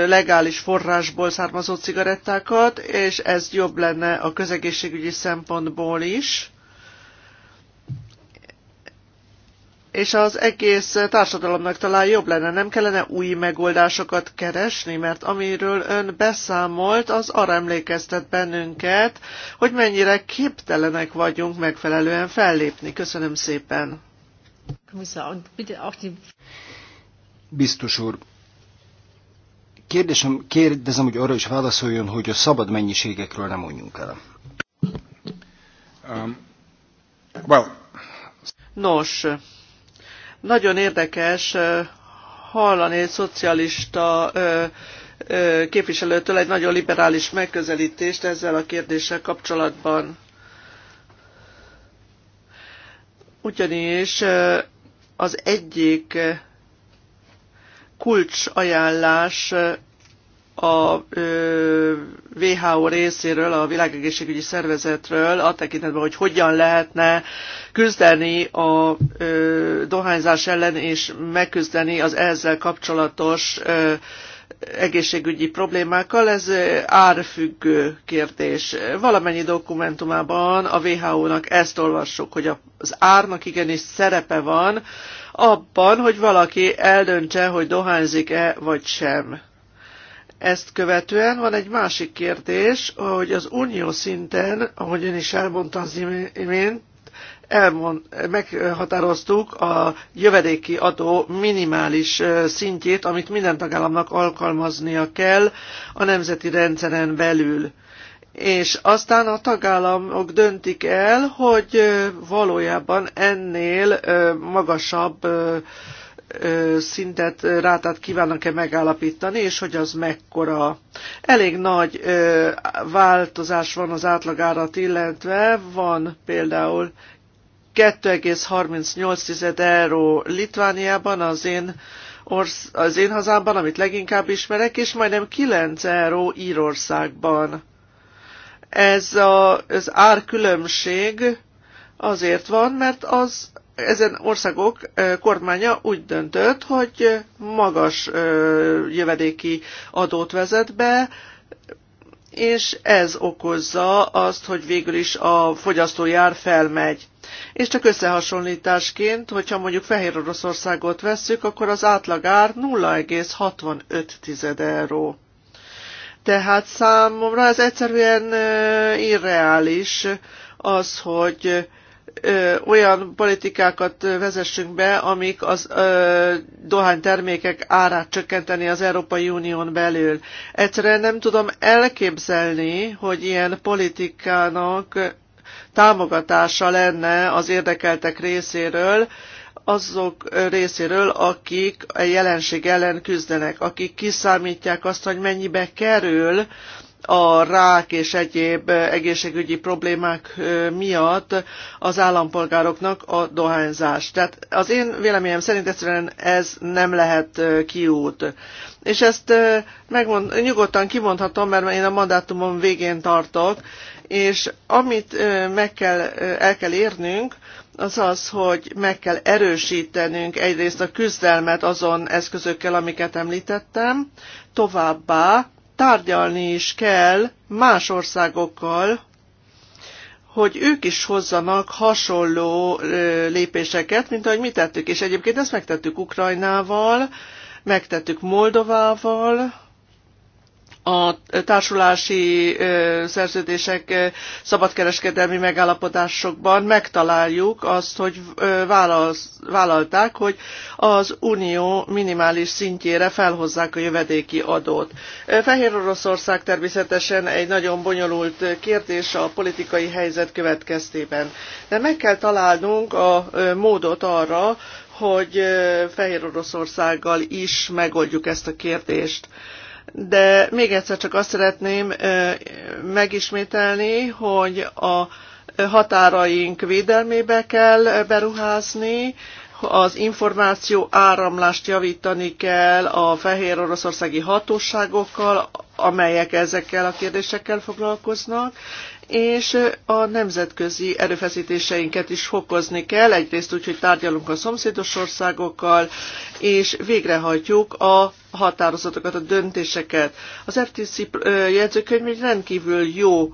legális forrásból származó cigarettákat, és ez jobb lenne a közegészségügyi szempontból is és az egész társadalomnak talán jobb lenne, nem kellene új megoldásokat keresni, mert amiről ön beszámolt, az arra emlékeztet bennünket, hogy mennyire képtelenek vagyunk megfelelően fellépni. Köszönöm szépen. Biztos úr, kérdésem, kérdezem, hogy arra is válaszoljon, hogy a szabad mennyiségekről nem mondjunk el. Um, well. Nos, nagyon érdekes hallani egy szocialista képviselőtől egy nagyon liberális megközelítést ezzel a kérdéssel kapcsolatban. Ugyanis az egyik kulcsajánlás a WHO részéről, a világegészségügyi szervezetről, a tekintetben, hogy hogyan lehetne küzdeni a dohányzás ellen, és megküzdeni az ezzel kapcsolatos egészségügyi problémákkal, ez árfüggő kérdés. Valamennyi dokumentumában a WHO-nak ezt olvassuk, hogy az árnak igenis szerepe van abban, hogy valaki eldöntse, hogy dohányzik-e vagy sem ezt követően van egy másik kérdés, hogy az unió szinten, ahogy ön is elmondta az imént, elmond, meghatároztuk a jövedéki adó minimális szintjét, amit minden tagállamnak alkalmaznia kell a nemzeti rendszeren belül. És aztán a tagállamok döntik el, hogy valójában ennél magasabb szintet, rátát kívánnak-e megállapítani, és hogy az mekkora. Elég nagy változás van az átlagárat illetve, van például 2,38 euró Litvániában, az én, orsz, az én hazámban, amit leginkább ismerek, és majdnem 9 euró Írországban. Ez a, az árkülönbség azért van, mert az ezen országok kormánya úgy döntött, hogy magas jövedéki adót vezet be, és ez okozza azt, hogy végül is a fogyasztójár felmegy. És csak összehasonlításként, hogyha mondjuk Fehér Oroszországot vesszük, akkor az átlagár 0,65 euró. Tehát számomra ez egyszerűen irreális az, hogy ö, olyan politikákat vezessünk be, amik az ö, dohánytermékek árát csökkenteni az Európai Unión belül. Egyszerűen nem tudom elképzelni, hogy ilyen politikának támogatása lenne az érdekeltek részéről, azok részéről, akik a jelenség ellen küzdenek, akik kiszámítják azt, hogy mennyibe kerül a rák és egyéb egészségügyi problémák miatt az állampolgároknak a dohányzás. Tehát az én véleményem szerint egyszerűen ez nem lehet kiút. És ezt megmond, nyugodtan kimondhatom, mert én a mandátumom végén tartok, és amit meg kell, el kell érnünk, az az, hogy meg kell erősítenünk egyrészt a küzdelmet azon eszközökkel, amiket említettem, továbbá tárgyalni is kell más országokkal, hogy ők is hozzanak hasonló lépéseket, mint ahogy mi tettük. És egyébként ezt megtettük Ukrajnával, megtettük Moldovával, a társulási szerződések, szabadkereskedelmi megállapodásokban megtaláljuk azt, hogy vállalták, hogy az unió minimális szintjére felhozzák a jövedéki adót. Fehér Oroszország természetesen egy nagyon bonyolult kérdés a politikai helyzet következtében. De meg kell találnunk a módot arra, hogy Fehér Oroszországgal is megoldjuk ezt a kérdést de még egyszer csak azt szeretném megismételni, hogy a határaink védelmébe kell beruházni, az információ áramlást javítani kell a fehér oroszországi hatóságokkal, amelyek ezekkel a kérdésekkel foglalkoznak, és a nemzetközi erőfeszítéseinket is fokozni kell, egyrészt úgy, hogy tárgyalunk a szomszédos országokkal, és végrehajtjuk a határozatokat, a döntéseket. Az FTC jegyzőkönyv egy rendkívül jó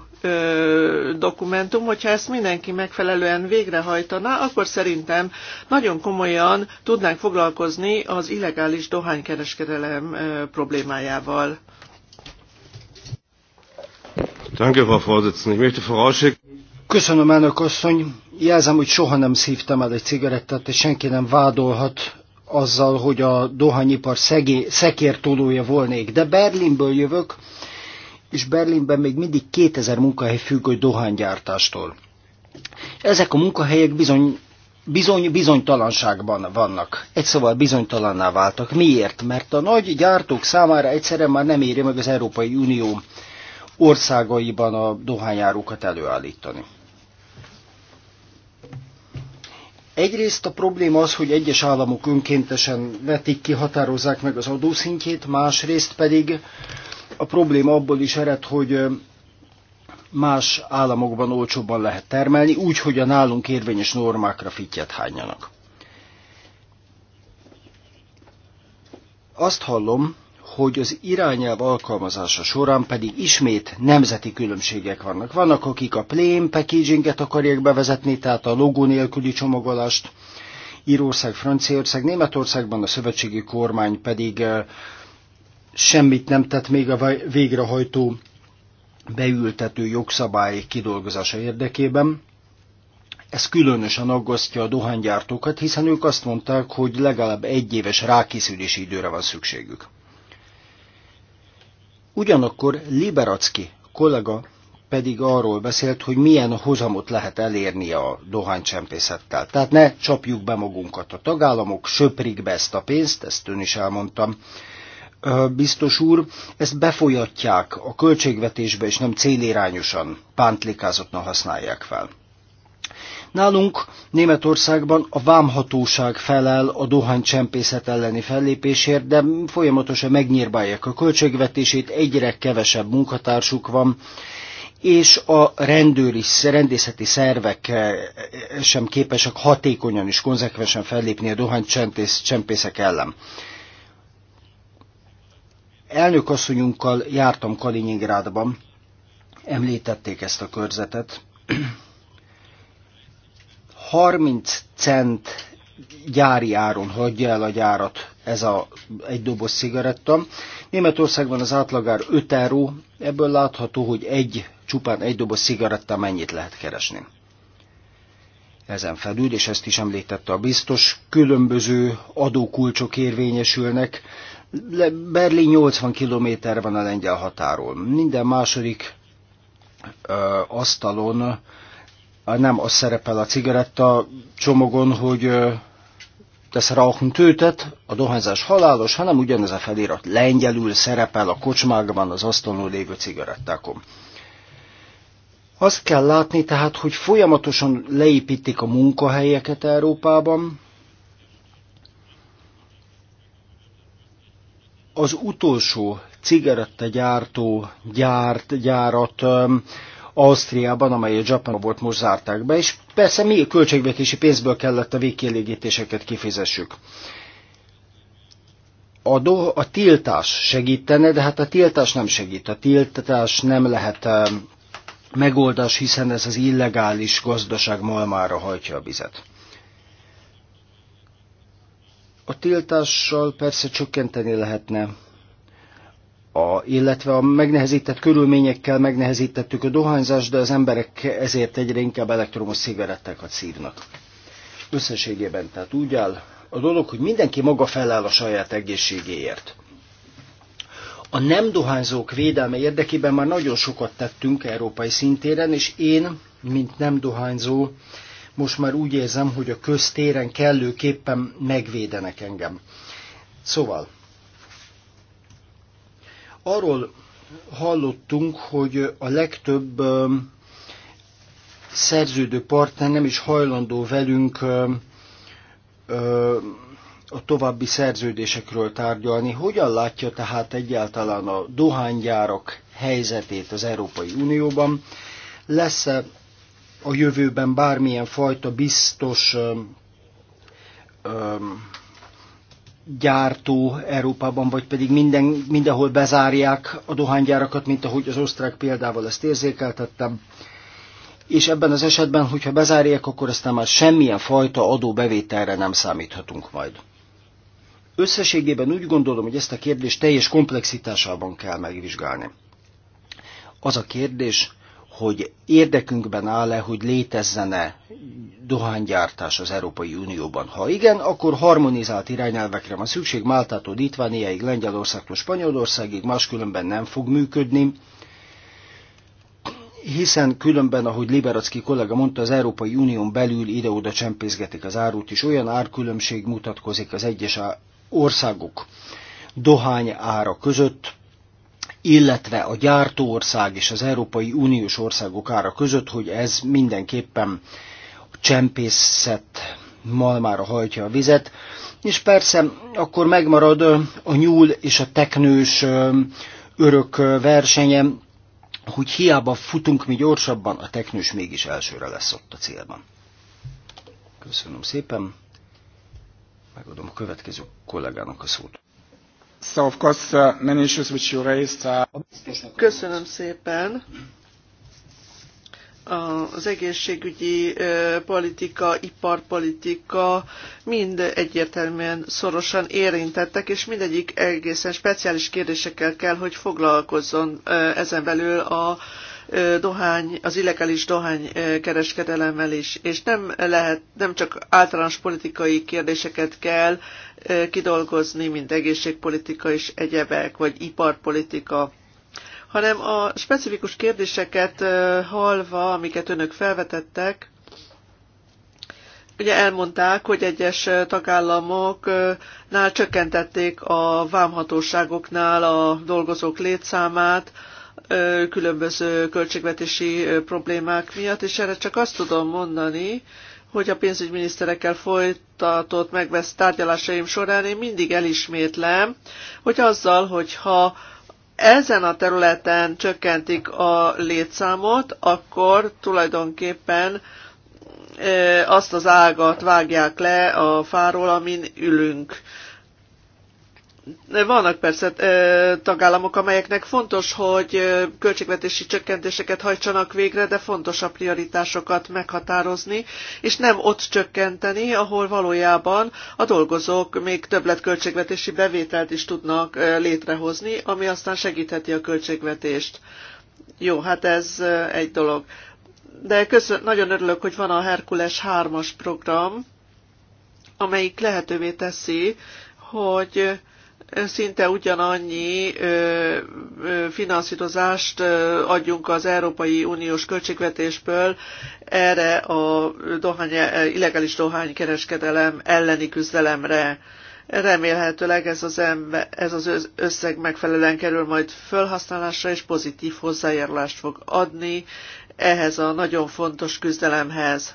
dokumentum, hogyha ezt mindenki megfelelően végrehajtaná, akkor szerintem nagyon komolyan tudnánk foglalkozni az illegális dohánykereskedelem problémájával. Köszönöm, elnök asszony. Jelzem, hogy soha nem szívtam el egy cigarettát, és senki nem vádolhat azzal, hogy a dohányipar szekértolója volnék. De Berlinből jövök, és Berlinben még mindig 2000 munkahely függ a dohánygyártástól. Ezek a munkahelyek bizony, bizony bizonytalanságban vannak. Egy szóval bizonytalanná váltak. Miért? Mert a nagy gyártók számára egyszerűen már nem éri meg az Európai Unió országaiban a dohányárukat előállítani. Egyrészt a probléma az, hogy egyes államok önkéntesen vetik ki, határozzák meg az adószintjét, másrészt pedig a probléma abból is ered, hogy más államokban olcsóbban lehet termelni, úgy, hogy a nálunk érvényes normákra fittyet hányjanak. Azt hallom, hogy az irányelv alkalmazása során pedig ismét nemzeti különbségek vannak. Vannak, akik a plain packaginget akarják bevezetni, tehát a logó nélküli csomagolást. Írország, Franciaország, Németországban a szövetségi kormány pedig eh, semmit nem tett még a végrehajtó beültető jogszabály kidolgozása érdekében. Ez különösen aggasztja a dohánygyártókat, hiszen ők azt mondták, hogy legalább egy éves rákészülési időre van szükségük. Ugyanakkor Liberacki kollega pedig arról beszélt, hogy milyen hozamot lehet elérni a dohánycsempészettel. Tehát ne csapjuk be magunkat. A tagállamok söprik be ezt a pénzt, ezt ön is elmondtam, biztos úr, ezt befolyatják a költségvetésbe, és nem célirányosan pántlikázottan használják fel. Nálunk Németországban a vámhatóság felel a dohánycsempészet elleni fellépésért, de folyamatosan megnyírbálják a költségvetését, egyre kevesebb munkatársuk van, és a rendőri, rendészeti szervek eh, sem képesek hatékonyan és konzekvensen fellépni a dohánycsempészek ellen. Elnök asszonyunkkal jártam Kaliningrádban, említették ezt a körzetet, 30 cent gyári áron hagyja el a gyárat ez a egy doboz cigaretta. Németországban az átlagár 5 euró, ebből látható, hogy egy, csupán egy doboz cigaretta mennyit lehet keresni. Ezen felül, és ezt is említette a biztos, különböző adókulcsok érvényesülnek. Berlin 80 km van a lengyel határól. Minden második ö, asztalon nem az szerepel a cigaretta csomagon, hogy das Rauchen tőtet, a dohányzás halálos, hanem ugyanez a felirat lengyelül szerepel a kocsmákban az asztalon lévő cigarettákon. Azt kell látni tehát, hogy folyamatosan leépítik a munkahelyeket Európában, az utolsó cigarettagyártó gyárt, gyárat Ausztriában, amely a Japan volt, most zárták be, és persze mi költségvetési pénzből kellett a végkielégítéseket kifizessük. A, do, a tiltás segítene, de hát a tiltás nem segít. A tiltás nem lehet um, megoldás, hiszen ez az illegális gazdaság malmára hajtja a vizet. A tiltással persze csökkenteni lehetne a, illetve a megnehezített körülményekkel megnehezítettük a dohányzást, de az emberek ezért egyre inkább elektromos cigarettákat szívnak. Összességében tehát úgy áll a dolog, hogy mindenki maga feláll a saját egészségéért. A nem dohányzók védelme érdekében már nagyon sokat tettünk európai szintéren, és én, mint nem dohányzó, most már úgy érzem, hogy a köztéren kellőképpen megvédenek engem. Szóval, Arról hallottunk, hogy a legtöbb um, szerződő partner nem is hajlandó velünk um, um, a további szerződésekről tárgyalni. Hogyan látja tehát egyáltalán a dohánygyárak helyzetét az Európai Unióban? Lesz-e a jövőben bármilyen fajta biztos gyártó Európában, vagy pedig minden, mindenhol bezárják a dohánygyárakat, mint ahogy az osztrák példával ezt érzékeltettem. És ebben az esetben, hogyha bezárják, akkor aztán már semmilyen fajta adóbevételre nem számíthatunk majd. Összességében úgy gondolom, hogy ezt a kérdést teljes komplexitásában kell megvizsgálni. Az a kérdés, hogy érdekünkben áll-e, hogy létezzene dohánygyártás az Európai Unióban. Ha igen, akkor harmonizált irányelvekre van szükség Máltától Litvániáig, Lengyelországtól Spanyolországig, máskülönben nem fog működni, hiszen különben, ahogy Liberacki kollega mondta, az Európai Unión belül ide-oda csempészgetik az árut, és olyan árkülönbség mutatkozik az egyes országok dohány ára között, illetve a gyártóország és az Európai Uniós országok ára között, hogy ez mindenképpen a csempészet malmára hajtja a vizet, és persze akkor megmarad a nyúl és a teknős örök versenye, hogy hiába futunk mi gyorsabban, a teknős mégis elsőre lesz ott a célban. Köszönöm szépen, megadom a következő kollégának a szót. Uh, Köszönöm szépen. Az egészségügyi politika, iparpolitika mind egyértelműen szorosan érintettek, és mindegyik egészen speciális kérdésekkel kell, hogy foglalkozzon ezen belül a dohány, az illegális dohány kereskedelemmel is, és nem lehet, nem csak általános politikai kérdéseket kell kidolgozni, mint egészségpolitika és egyebek, vagy iparpolitika, hanem a specifikus kérdéseket hallva, amiket önök felvetettek, ugye elmondták, hogy egyes tagállamoknál csökkentették a vámhatóságoknál a dolgozók létszámát, különböző költségvetési problémák miatt, és erre csak azt tudom mondani, hogy a pénzügyminiszterekkel folytatott megvesz tárgyalásaim során én mindig elismétlem, hogy azzal, hogyha ezen a területen csökkentik a létszámot, akkor tulajdonképpen e, azt az ágat vágják le a fáról, amin ülünk. Vannak persze tagállamok, amelyeknek fontos, hogy költségvetési csökkentéseket hajtsanak végre, de fontos a prioritásokat meghatározni, és nem ott csökkenteni, ahol valójában a dolgozók még többletköltségvetési bevételt is tudnak létrehozni, ami aztán segítheti a költségvetést. Jó, hát ez egy dolog. De köszön, nagyon örülök, hogy van a Herkules 3-as program, amelyik lehetővé teszi, hogy szinte ugyanannyi finanszírozást adjunk az Európai Uniós költségvetésből erre a dohány, illegális dohánykereskedelem elleni küzdelemre. Remélhetőleg ez az, ember, ez az összeg megfelelően kerül majd fölhasználásra, és pozitív hozzájárulást fog adni ehhez a nagyon fontos küzdelemhez.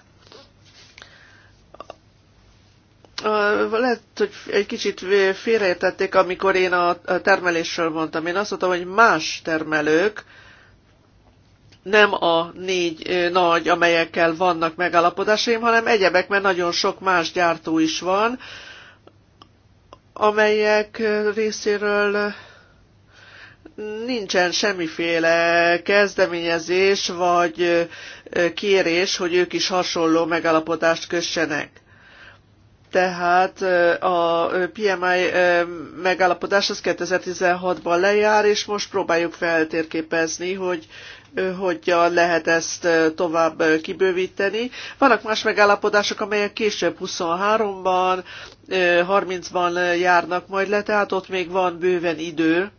lehet, hogy egy kicsit félreértették, amikor én a termelésről mondtam. Én azt mondtam, hogy más termelők, nem a négy nagy, amelyekkel vannak megállapodásaim, hanem egyebek, mert nagyon sok más gyártó is van, amelyek részéről nincsen semmiféle kezdeményezés vagy kérés, hogy ők is hasonló megállapodást kössenek tehát a PMI megállapodás az 2016-ban lejár, és most próbáljuk feltérképezni, hogy hogyan lehet ezt tovább kibővíteni. Vannak más megállapodások, amelyek később 23-ban, 30-ban járnak majd le, tehát ott még van bőven idő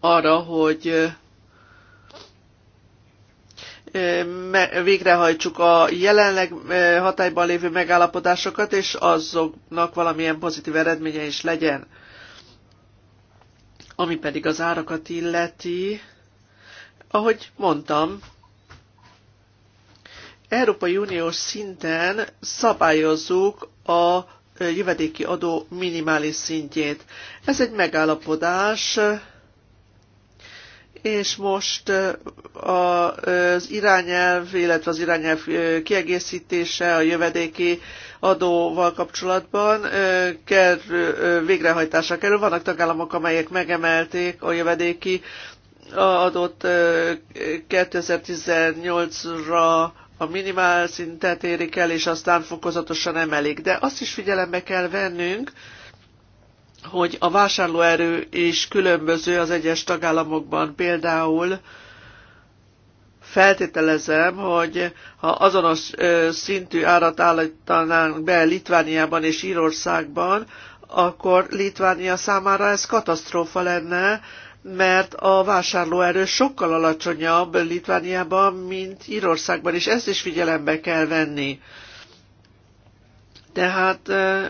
arra, hogy végrehajtsuk a jelenleg e, hatályban lévő megállapodásokat, és azoknak valamilyen pozitív eredménye is legyen. Ami pedig az árakat illeti, ahogy mondtam, Európai Uniós szinten szabályozzuk a e, jövedéki adó minimális szintjét. Ez egy megállapodás, és most az irányelv, illetve az irányelv kiegészítése a jövedéki adóval kapcsolatban kerül, végrehajtásra kerül. Vannak tagállamok, amelyek megemelték a jövedéki adót 2018-ra a minimál szintet érik el, és aztán fokozatosan emelik. De azt is figyelembe kell vennünk, hogy a vásárlóerő is különböző az egyes tagállamokban. Például feltételezem, hogy ha azonos szintű árat állítanánk be Litvániában és Írországban, akkor Litvánia számára ez katasztrófa lenne, mert a vásárlóerő sokkal alacsonyabb Litvániában, mint Írországban, és ezt is figyelembe kell venni. Tehát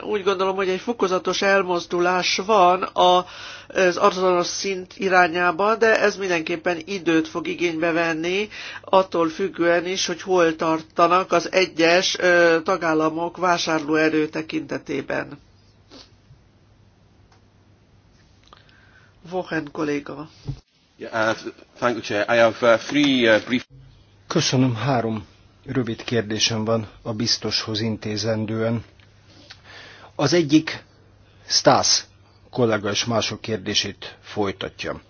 úgy gondolom, hogy egy fokozatos elmozdulás van az azonos szint irányába, de ez mindenképpen időt fog igénybe venni, attól függően is, hogy hol tartanak az egyes tagállamok vásárlóerő tekintetében. Vohen kolléga. Uh, uh, uh, Köszönöm, három rövid kérdésem van a biztoshoz intézendően. Az egyik Stász kollega és mások kérdését folytatja.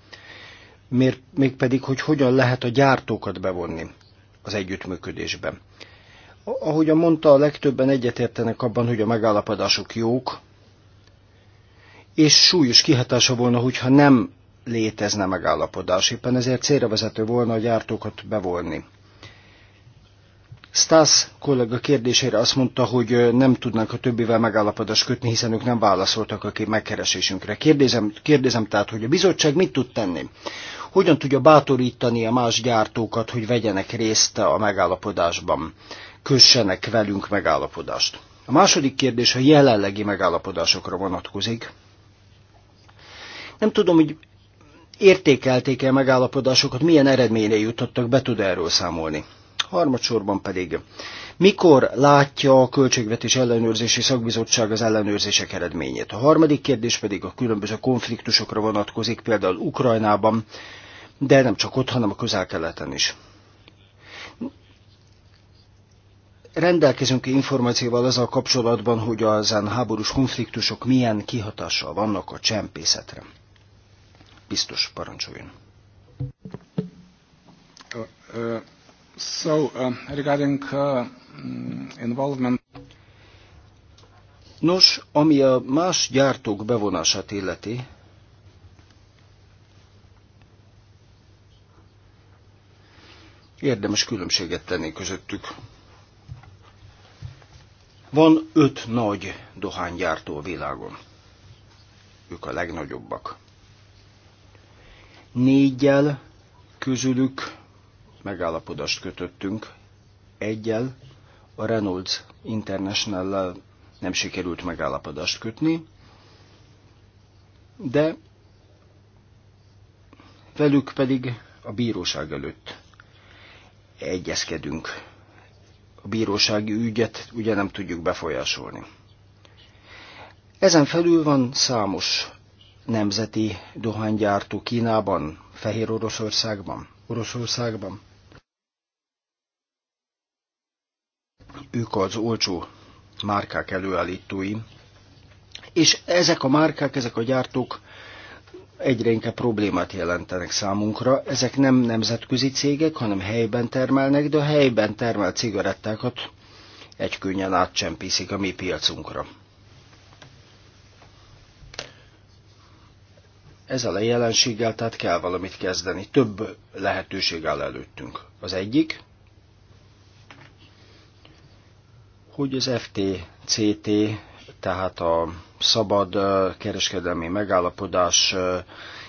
Miért, mégpedig, hogy hogyan lehet a gyártókat bevonni az együttműködésbe. Ahogyan mondta, a legtöbben egyetértenek abban, hogy a megállapodások jók, és súlyos kihatása volna, hogyha nem létezne megállapodás. Éppen ezért célra vezető volna a gyártókat bevonni Stas kollega kérdésére azt mondta, hogy nem tudnak a többivel megállapodást kötni, hiszen ők nem válaszoltak a megkeresésünkre. Kérdezem, kérdezem tehát, hogy a bizottság mit tud tenni? Hogyan tudja bátorítani a más gyártókat, hogy vegyenek részt a megállapodásban, kössenek velünk megállapodást? A második kérdés a jelenlegi megállapodásokra vonatkozik. Nem tudom, hogy értékelték-e megállapodásokat, milyen eredményre jutottak, be tud erről számolni. Harmadsorban pedig, mikor látja a Költségvetés Ellenőrzési Szakbizottság az ellenőrzések eredményét? A harmadik kérdés pedig a különböző konfliktusokra vonatkozik, például Ukrajnában, de nem csak ott, hanem a közel-keleten is rendelkezünk információval azzal kapcsolatban, hogy az háborús konfliktusok milyen kihatással vannak a csempészetre? Biztos parancsoljon. So, uh, regarding uh, mm, involvement... Nos, ami a más gyártók bevonását illeti, érdemes különbséget tenni közöttük. Van öt nagy dohánygyártó a világon. Ők a legnagyobbak. Négyel közülük megállapodást kötöttünk. Egyel a Reynolds international nem sikerült megállapodást kötni, de velük pedig a bíróság előtt egyezkedünk. A bírósági ügyet ugye nem tudjuk befolyásolni. Ezen felül van számos nemzeti dohánygyártó Kínában, Fehér Oroszországban, Oroszországban. Ők az olcsó márkák előállítói, és ezek a márkák, ezek a gyártók egyre inkább problémát jelentenek számunkra. Ezek nem nemzetközi cégek, hanem helyben termelnek, de a helyben termelt cigarettákat egy átcsempészik a mi piacunkra. Ez a jelenséggel tehát kell valamit kezdeni. Több lehetőség áll előttünk. Az egyik, hogy az FTCT, tehát a szabad kereskedelmi megállapodás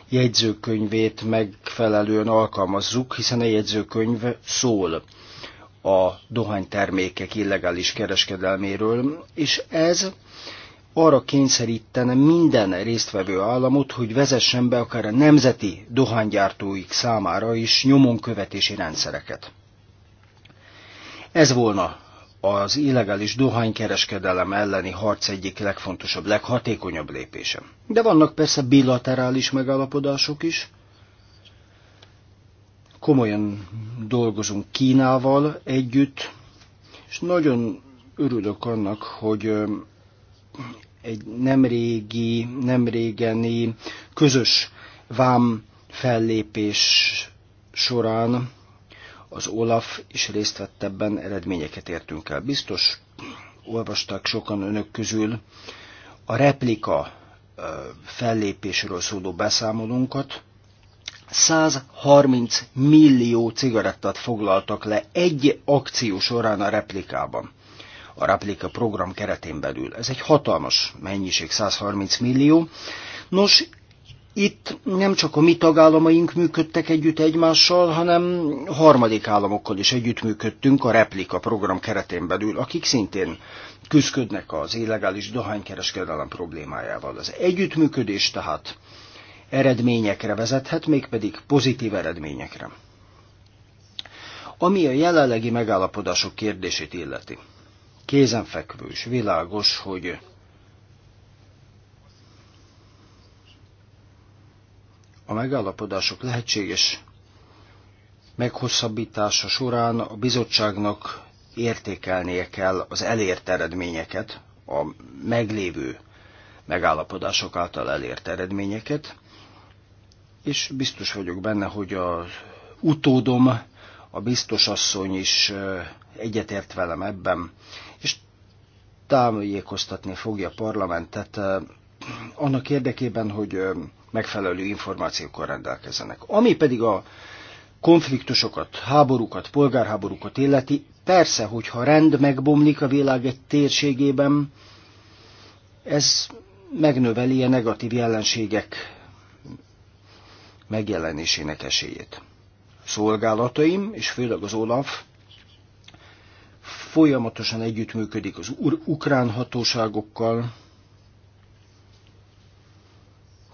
jegyzőkönyvét megfelelően alkalmazzuk, hiszen a jegyzőkönyv szól a dohánytermékek illegális kereskedelméről, és ez arra kényszerítene minden résztvevő államot, hogy vezessen be akár a nemzeti dohánygyártóik számára is nyomon követési rendszereket. Ez volna az illegális dohánykereskedelem elleni harc egyik legfontosabb, leghatékonyabb lépése. De vannak persze bilaterális megállapodások is. Komolyan dolgozunk Kínával együtt, és nagyon örülök annak, hogy egy nemrégi, nemrégeni közös vám fellépés során az Olaf is részt vett ebben, eredményeket értünk el. Biztos olvastak sokan önök közül a replika fellépésről szóló beszámolónkat, 130 millió cigarettát foglaltak le egy akció során a replikában. A replika program keretén belül. Ez egy hatalmas mennyiség, 130 millió. Nos, itt nem csak a mi tagállamaink működtek együtt egymással, hanem harmadik államokkal is együttműködtünk a Replika program keretén belül, akik szintén küzdködnek az illegális dohánykereskedelem problémájával. Az együttműködés tehát eredményekre vezethet, mégpedig pozitív eredményekre. Ami a jelenlegi megállapodások kérdését illeti. kézenfekvős, világos, hogy A megállapodások lehetséges meghosszabbítása során a bizottságnak értékelnie kell az elért eredményeket, a meglévő megállapodások által elért eredményeket, és biztos vagyok benne, hogy az utódom, a biztos asszony is egyetért velem ebben, és támélyékoztatni fogja a parlamentet annak érdekében, hogy megfelelő információkkal rendelkezzenek. Ami pedig a konfliktusokat, háborúkat, polgárháborúkat illeti, persze, hogyha rend megbomlik a világ egy térségében, ez megnöveli a negatív jelenségek megjelenésének esélyét. Szolgálataim, és főleg az OLAF, folyamatosan együttműködik az ukrán hatóságokkal,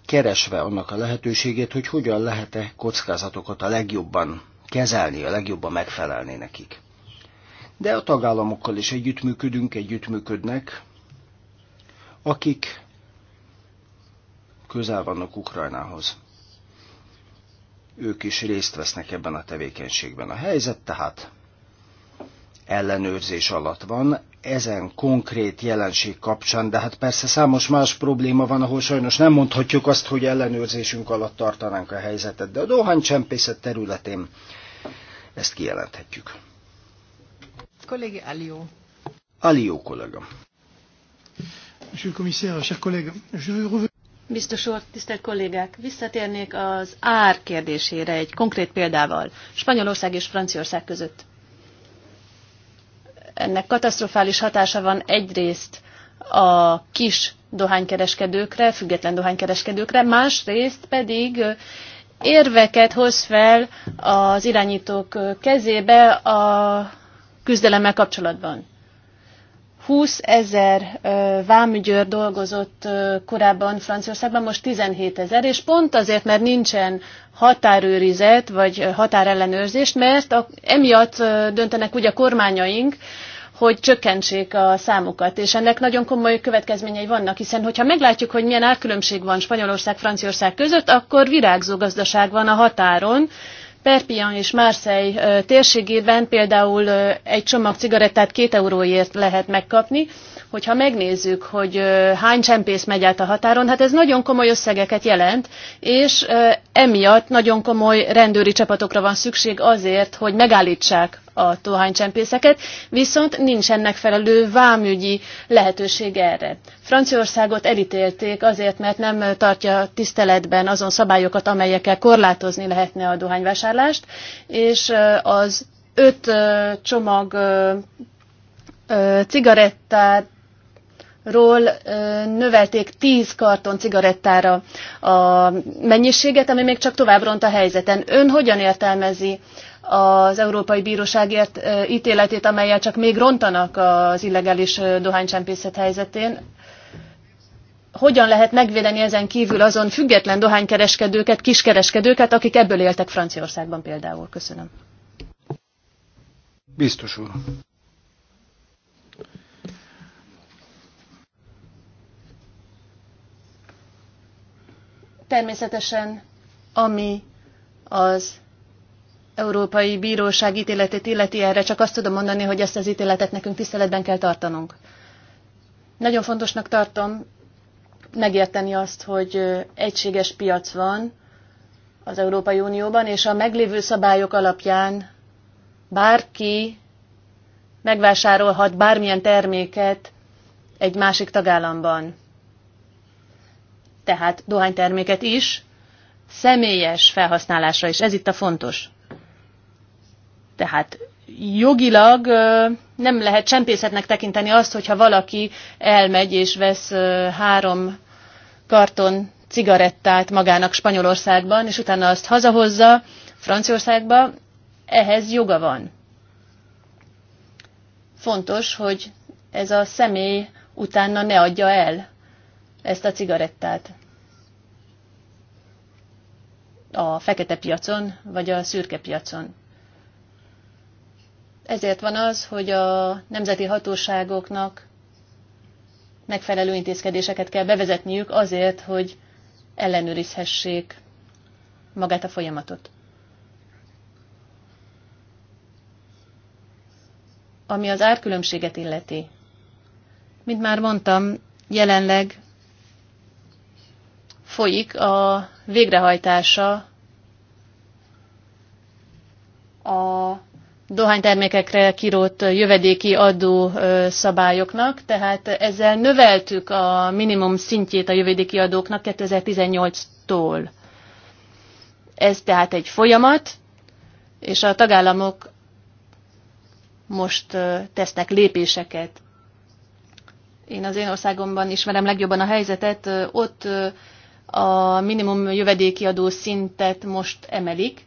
keresve annak a lehetőségét, hogy hogyan lehet-e kockázatokat a legjobban kezelni, a legjobban megfelelni nekik. De a tagállamokkal is együttműködünk, együttműködnek, akik közel vannak Ukrajnához. Ők is részt vesznek ebben a tevékenységben. A helyzet tehát ellenőrzés alatt van, ezen konkrét jelenség kapcsán, de hát persze számos más probléma van, ahol sajnos nem mondhatjuk azt, hogy ellenőrzésünk alatt tartanánk a helyzetet, de a dohánycsempészet területén ezt kijelenthetjük. Kollégi Alió. Alió kollega. Monsieur le commissaire, chers collègues, je veux Biztos úr, tisztelt kollégák, visszatérnék az ár kérdésére egy konkrét példával, Spanyolország és Franciaország között ennek katasztrofális hatása van egyrészt a kis dohánykereskedőkre, független dohánykereskedőkre, másrészt pedig érveket hoz fel az irányítók kezébe a küzdelemmel kapcsolatban. 20 ezer vámügyőr dolgozott korábban Franciaországban, most 17 ezer, és pont azért, mert nincsen határőrizet vagy határellenőrzés, mert emiatt döntenek úgy a kormányaink, hogy csökkentsék a számukat. És ennek nagyon komoly következményei vannak, hiszen hogyha meglátjuk, hogy milyen árkülönbség van Spanyolország, Franciaország között, akkor virágzó gazdaság van a határon, Perpignan és Marseille térségében például egy csomag cigarettát két euróért lehet megkapni, Hogyha megnézzük, hogy hány csempész megy át a határon, hát ez nagyon komoly összegeket jelent, és emiatt nagyon komoly rendőri csapatokra van szükség azért, hogy megállítsák a tohánycsempészeket, viszont nincs ennek felelő vámügyi lehetőség erre. Franciaországot elítélték azért, mert nem tartja tiszteletben azon szabályokat, amelyekkel korlátozni lehetne a dohányvásárlást, és az öt csomag cigarettát ról növelték 10 karton cigarettára a mennyiséget, ami még csak tovább ront a helyzeten. Ön hogyan értelmezi az Európai Bíróságért ítéletét, amelyel csak még rontanak az illegális dohánycsempészet helyzetén? Hogyan lehet megvédeni ezen kívül azon független dohánykereskedőket, kiskereskedőket, akik ebből éltek Franciaországban például? Köszönöm. Biztos úr. Természetesen, ami az Európai Bíróság ítéletét illeti erre, csak azt tudom mondani, hogy ezt az ítéletet nekünk tiszteletben kell tartanunk. Nagyon fontosnak tartom megérteni azt, hogy egységes piac van az Európai Unióban, és a meglévő szabályok alapján bárki megvásárolhat bármilyen terméket egy másik tagállamban tehát dohányterméket is, személyes felhasználásra is. Ez itt a fontos. Tehát jogilag nem lehet csempészetnek tekinteni azt, hogyha valaki elmegy és vesz három karton cigarettát magának Spanyolországban, és utána azt hazahozza Franciaországba, ehhez joga van. Fontos, hogy ez a személy utána ne adja el ezt a cigarettát a fekete piacon, vagy a szürke piacon. Ezért van az, hogy a nemzeti hatóságoknak megfelelő intézkedéseket kell bevezetniük azért, hogy ellenőrizhessék magát a folyamatot. Ami az árkülönbséget illeti. Mint már mondtam, jelenleg folyik a végrehajtása a dohánytermékekre kirót jövedéki adó szabályoknak, tehát ezzel növeltük a minimum szintjét a jövedéki adóknak 2018-tól. Ez tehát egy folyamat, és a tagállamok most tesznek lépéseket. Én az én országomban ismerem legjobban a helyzetet, ott a minimum jövedéki adó szintet most emelik,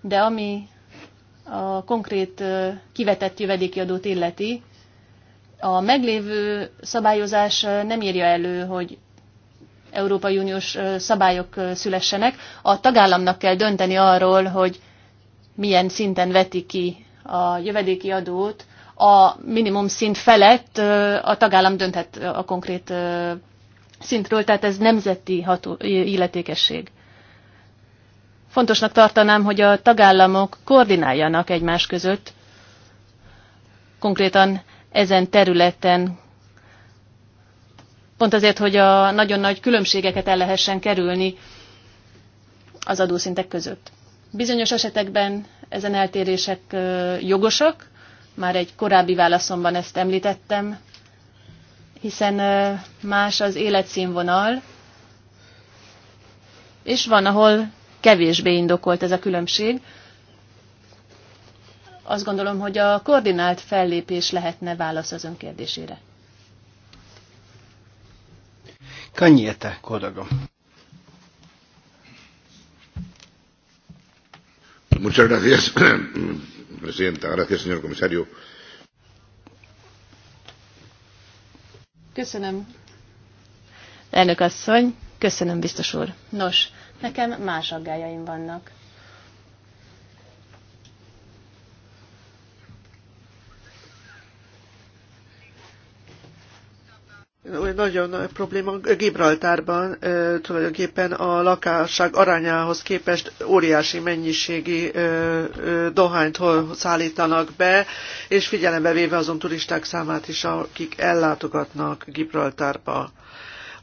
de ami a konkrét kivetett jövedéki adót illeti, a meglévő szabályozás nem írja elő, hogy Európai Uniós szabályok szülessenek. A tagállamnak kell dönteni arról, hogy milyen szinten veti ki a jövedéki adót. A minimum szint felett a tagállam dönthet a konkrét szintről, tehát ez nemzeti ható, illetékesség. Fontosnak tartanám, hogy a tagállamok koordináljanak egymás között, konkrétan ezen területen, pont azért, hogy a nagyon nagy különbségeket el lehessen kerülni az adószintek között. Bizonyos esetekben ezen eltérések jogosak, már egy korábbi válaszomban ezt említettem, hiszen más az életszínvonal, és van, ahol kevésbé indokolt ez a különbség. Azt gondolom, hogy a koordinált fellépés lehetne válasz az önkérdésére. Kanyiete, Kodaga. Muchas gracias, Presidenta. Gracias, señor comisario. Köszönöm. Elnök asszony, köszönöm biztos úr. Nos, nekem más aggájaim vannak. nagyon nagy probléma. Gibraltárban tulajdonképpen a lakásság arányához képest óriási mennyiségi dohányt szállítanak be, és figyelembe véve azon turisták számát is, akik ellátogatnak Gibraltárba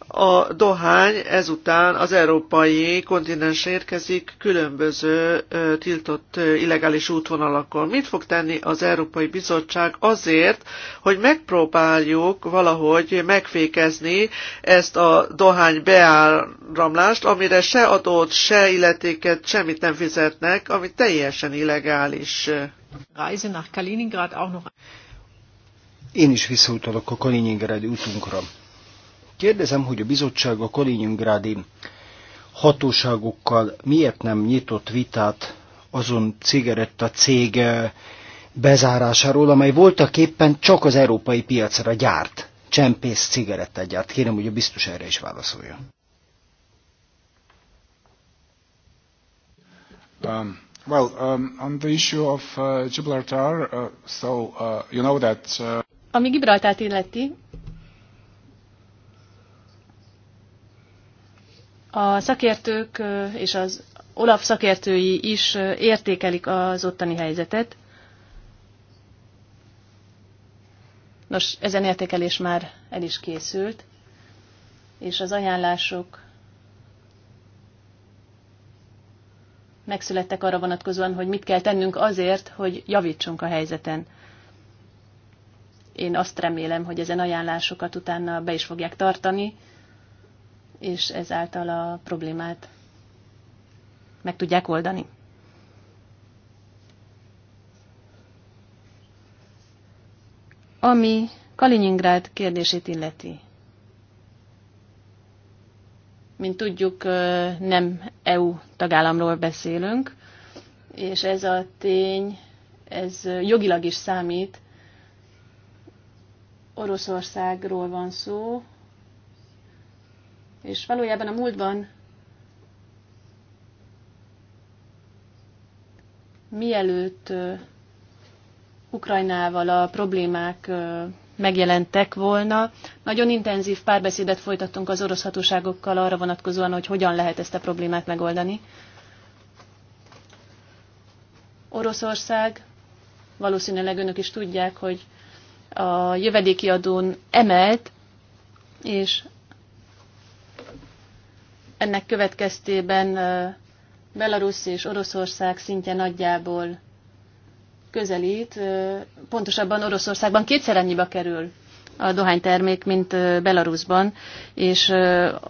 a dohány ezután az európai kontinens érkezik különböző tiltott illegális útvonalakon. Mit fog tenni az Európai Bizottság azért, hogy megpróbáljuk valahogy megfékezni ezt a dohány beáramlást, amire se adót, se illetéket, semmit nem fizetnek, ami teljesen illegális. Reise nach Kaliningrad auch noch. Én is visszautalok a Kaliningrad útunkra Kérdezem, hogy a bizottság a Kaliningrádi hatóságokkal miért nem nyitott vitát azon cigaretta cég eh, bezárásáról, amely voltak éppen csak az európai piacra gyárt, csempész cigaretta gyárt. Kérem, hogy a biztos erre is válaszoljon. Um, well, um, on the issue of uh, Gibraltar, uh, so uh, you know that... Uh... Ami Gibraltárt illeti, A szakértők és az Olaf szakértői is értékelik az ottani helyzetet. Nos, ezen értékelés már el is készült, és az ajánlások megszülettek arra vonatkozóan, hogy mit kell tennünk azért, hogy javítsunk a helyzeten. Én azt remélem, hogy ezen ajánlásokat utána be is fogják tartani, és ezáltal a problémát meg tudják oldani. Ami Kaliningrád kérdését illeti. Mint tudjuk, nem EU tagállamról beszélünk, és ez a tény, ez jogilag is számít. Oroszországról van szó, és valójában a múltban mielőtt Ukrajnával a problémák megjelentek volna. Nagyon intenzív párbeszédet folytattunk az orosz hatóságokkal arra vonatkozóan, hogy hogyan lehet ezt a problémát megoldani. Oroszország, valószínűleg önök is tudják, hogy a jövedéki adón emelt, és ennek következtében Belarus és Oroszország szintje nagyjából közelít, pontosabban Oroszországban kétszer annyiba kerül a dohánytermék, mint Belarusban, és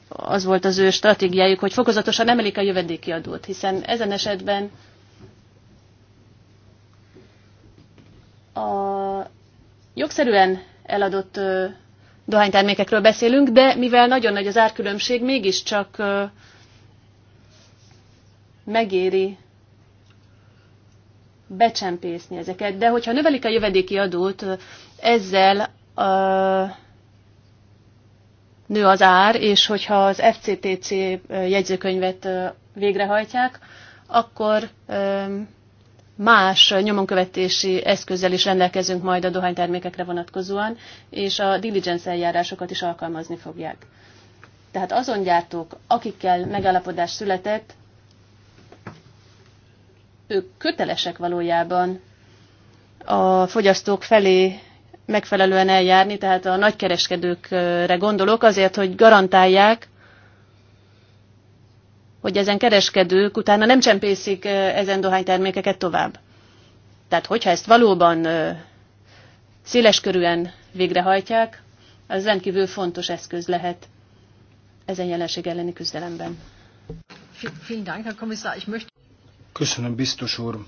az volt az ő stratégiájuk, hogy fokozatosan emelik a jövedéki adót, hiszen ezen esetben a jogszerűen eladott dohánytermékekről beszélünk, de mivel nagyon nagy az árkülönbség, mégiscsak megéri becsempészni ezeket. De hogyha növelik a jövedéki adót, ezzel nő az ár, és hogyha az FCTC jegyzőkönyvet végrehajtják, akkor más nyomonkövetési eszközzel is rendelkezünk majd a dohánytermékekre vonatkozóan, és a diligence eljárásokat is alkalmazni fogják. Tehát azon gyártók, akikkel megállapodás született, ők kötelesek valójában a fogyasztók felé megfelelően eljárni, tehát a nagykereskedőkre gondolok, azért, hogy garantálják, hogy ezen kereskedők utána nem csempészik ezen dohánytermékeket tovább. Tehát hogyha ezt valóban széleskörűen végrehajtják, az rendkívül fontos eszköz lehet ezen jelenség elleni küzdelemben. Köszönöm, biztos úr.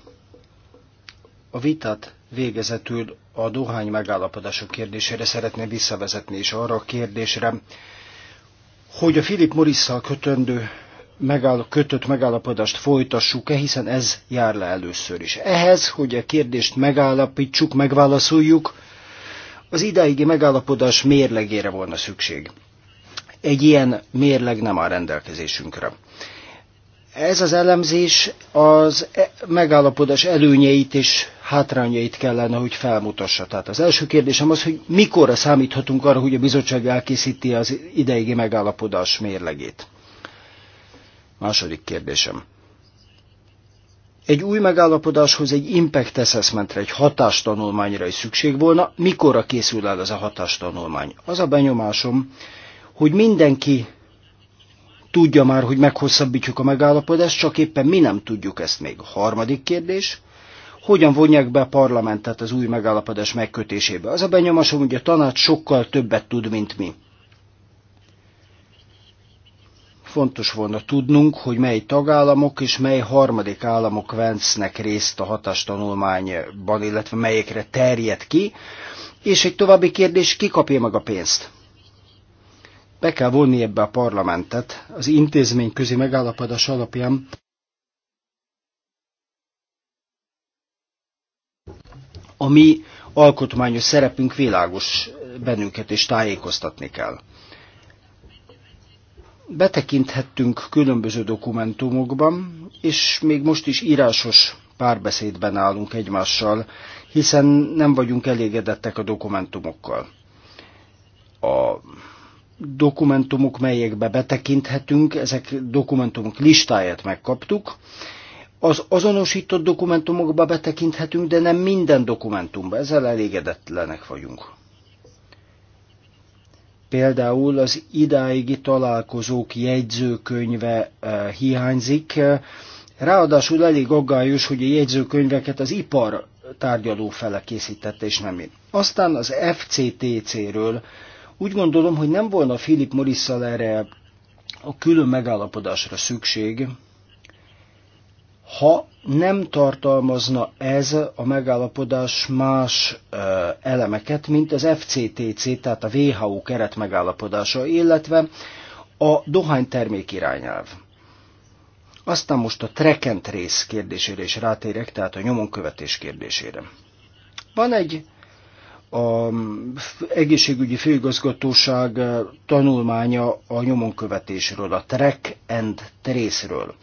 A vitát végezetül a dohány megállapodások kérdésére szeretném visszavezetni, és arra a kérdésre, hogy a Philip Morisszal kötöndő megáll, kötött megállapodást folytassuk-e, hiszen ez jár le először is. Ehhez, hogy a kérdést megállapítsuk, megválaszoljuk, az idáigi megállapodás mérlegére volna szükség. Egy ilyen mérleg nem áll rendelkezésünkre. Ez az elemzés az e- megállapodás előnyeit és hátrányait kellene, hogy felmutassa. Tehát az első kérdésem az, hogy mikorra számíthatunk arra, hogy a bizottság elkészíti az ideigi megállapodás mérlegét. Második kérdésem. Egy új megállapodáshoz egy impact assessment egy hatástanulmányra is szükség volna. Mikorra készül el ez a hatástanulmány? Az a benyomásom, hogy mindenki tudja már, hogy meghosszabbítjuk a megállapodást, csak éppen mi nem tudjuk ezt még. A harmadik kérdés, hogyan vonják be a parlamentet az új megállapodás megkötésébe? Az a benyomásom, hogy a tanács sokkal többet tud, mint mi. Fontos volna tudnunk, hogy mely tagállamok és mely harmadik államok vencnek részt a hatástanulmányban, illetve melyekre terjed ki. És egy további kérdés, ki kapja meg a pénzt? Be kell vonni ebbe a parlamentet az intézmény közi megállapodás alapján. A mi alkotmányos szerepünk világos bennünket, és tájékoztatni kell. Betekinthettünk különböző dokumentumokban, és még most is írásos párbeszédben állunk egymással, hiszen nem vagyunk elégedettek a dokumentumokkal. A dokumentumok, melyekbe betekinthetünk, ezek dokumentumok listáját megkaptuk. Az azonosított dokumentumokba betekinthetünk, de nem minden dokumentumba, ezzel elégedetlenek vagyunk. Például az idáigi találkozók jegyzőkönyve eh, hiányzik, ráadásul elég aggályos, hogy a jegyzőkönyveket az ipar tárgyaló fele készítette, és nem én. Aztán az FCTC-ről úgy gondolom, hogy nem volna Philip morris erre a külön megállapodásra szükség, ha nem tartalmazna ez a megállapodás más elemeket, mint az FCTC, tehát a WHO keret megállapodása, illetve a dohánytermék irányelv. Aztán most a Trekent rész kérdésére is rátérek, tehát a nyomonkövetés kérdésére. Van egy a egészségügyi főigazgatóság tanulmánya a nyomonkövetésről, a track and trace-ről.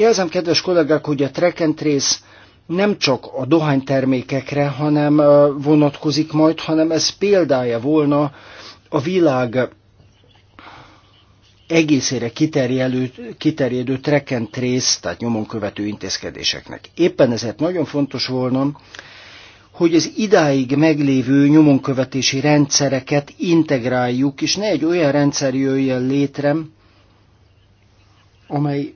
Jelzem, kedves kollégák, hogy a track and trace nem csak a dohánytermékekre hanem vonatkozik majd, hanem ez példája volna a világ egészére kiterjedő, kiterjedő track and trace, tehát nyomon követő intézkedéseknek. Éppen ezért nagyon fontos volna, hogy az idáig meglévő nyomonkövetési rendszereket integráljuk, és ne egy olyan rendszer jöjjön létre, amely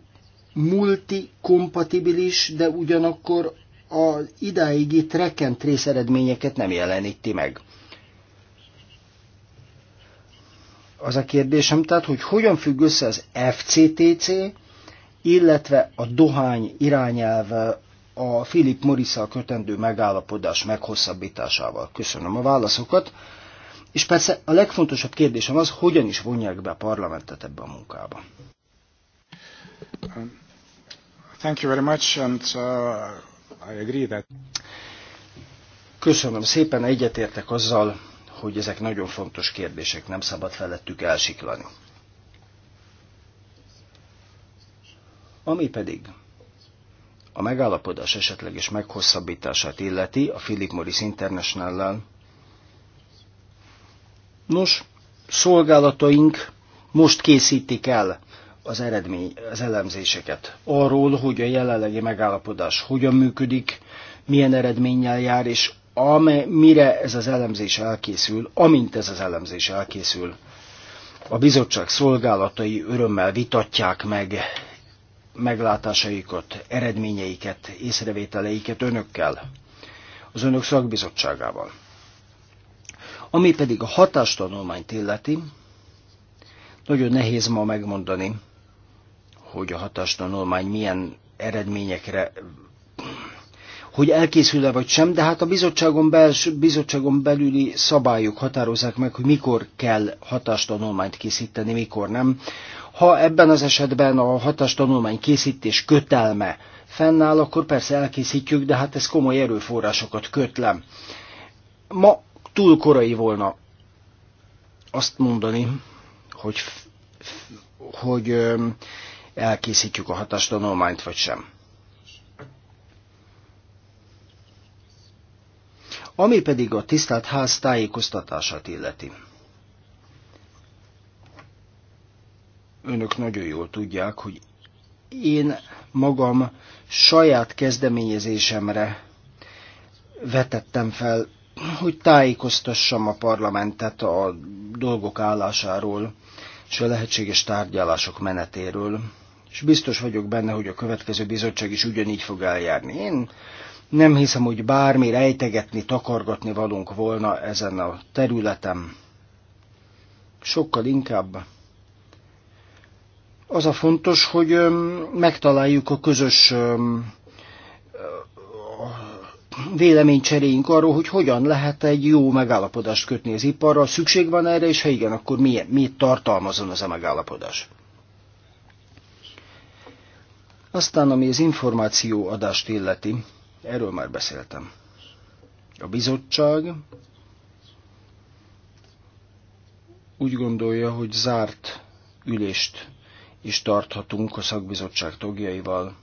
multikompatibilis, de ugyanakkor az idáigi track and trace eredményeket nem jeleníti meg. Az a kérdésem tehát, hogy hogyan függ össze az FCTC, illetve a dohány irányelv a Philip morris kötendő megállapodás meghosszabbításával. Köszönöm a válaszokat. És persze a legfontosabb kérdésem az, hogyan is vonják be a parlamentet ebbe a munkába. Um, Thank you very much, and uh, I agree that... Köszönöm szépen, egyetértek azzal, hogy ezek nagyon fontos kérdések, nem szabad felettük elsiklani. Ami pedig a megállapodás esetleges meghosszabbítását illeti a Philip Morris international Nos, szolgálataink most készítik el az eredmény, az elemzéseket arról, hogy a jelenlegi megállapodás hogyan működik, milyen eredménnyel jár, és ame, mire ez az elemzés elkészül, amint ez az elemzés elkészül, a bizottság szolgálatai örömmel vitatják meg meglátásaikat, eredményeiket, észrevételeiket önökkel, az önök szakbizottságával. Ami pedig a hatástanulmányt illeti, nagyon nehéz ma megmondani, hogy a hatástanulmány milyen eredményekre hogy elkészül-e vagy sem, de hát a bizottságon, belső bizottságon belüli szabályok határozzák meg, hogy mikor kell hatástanulmányt készíteni, mikor nem. Ha ebben az esetben a hatástanulmány készítés kötelme fennáll, akkor persze elkészítjük, de hát ez komoly erőforrásokat kötlem. Ma túl korai volna azt mondani, hogy, hogy elkészítjük a hatástanulmányt, vagy sem. Ami pedig a tisztelt ház tájékoztatását illeti. Önök nagyon jól tudják, hogy én magam saját kezdeményezésemre vetettem fel, hogy tájékoztassam a parlamentet a dolgok állásáról és a lehetséges tárgyalások menetéről és biztos vagyok benne, hogy a következő bizottság is ugyanígy fog eljárni. Én nem hiszem, hogy bármi rejtegetni, takargatni valunk volna ezen a területen. Sokkal inkább az a fontos, hogy megtaláljuk a közös véleménycseréink arról, hogy hogyan lehet egy jó megállapodást kötni az iparral. Szükség van erre, és ha igen, akkor mi, mit tartalmazon az a megállapodás? Aztán, ami az információ adást illeti, erről már beszéltem. A bizottság úgy gondolja, hogy zárt ülést is tarthatunk a szakbizottság tagjaival,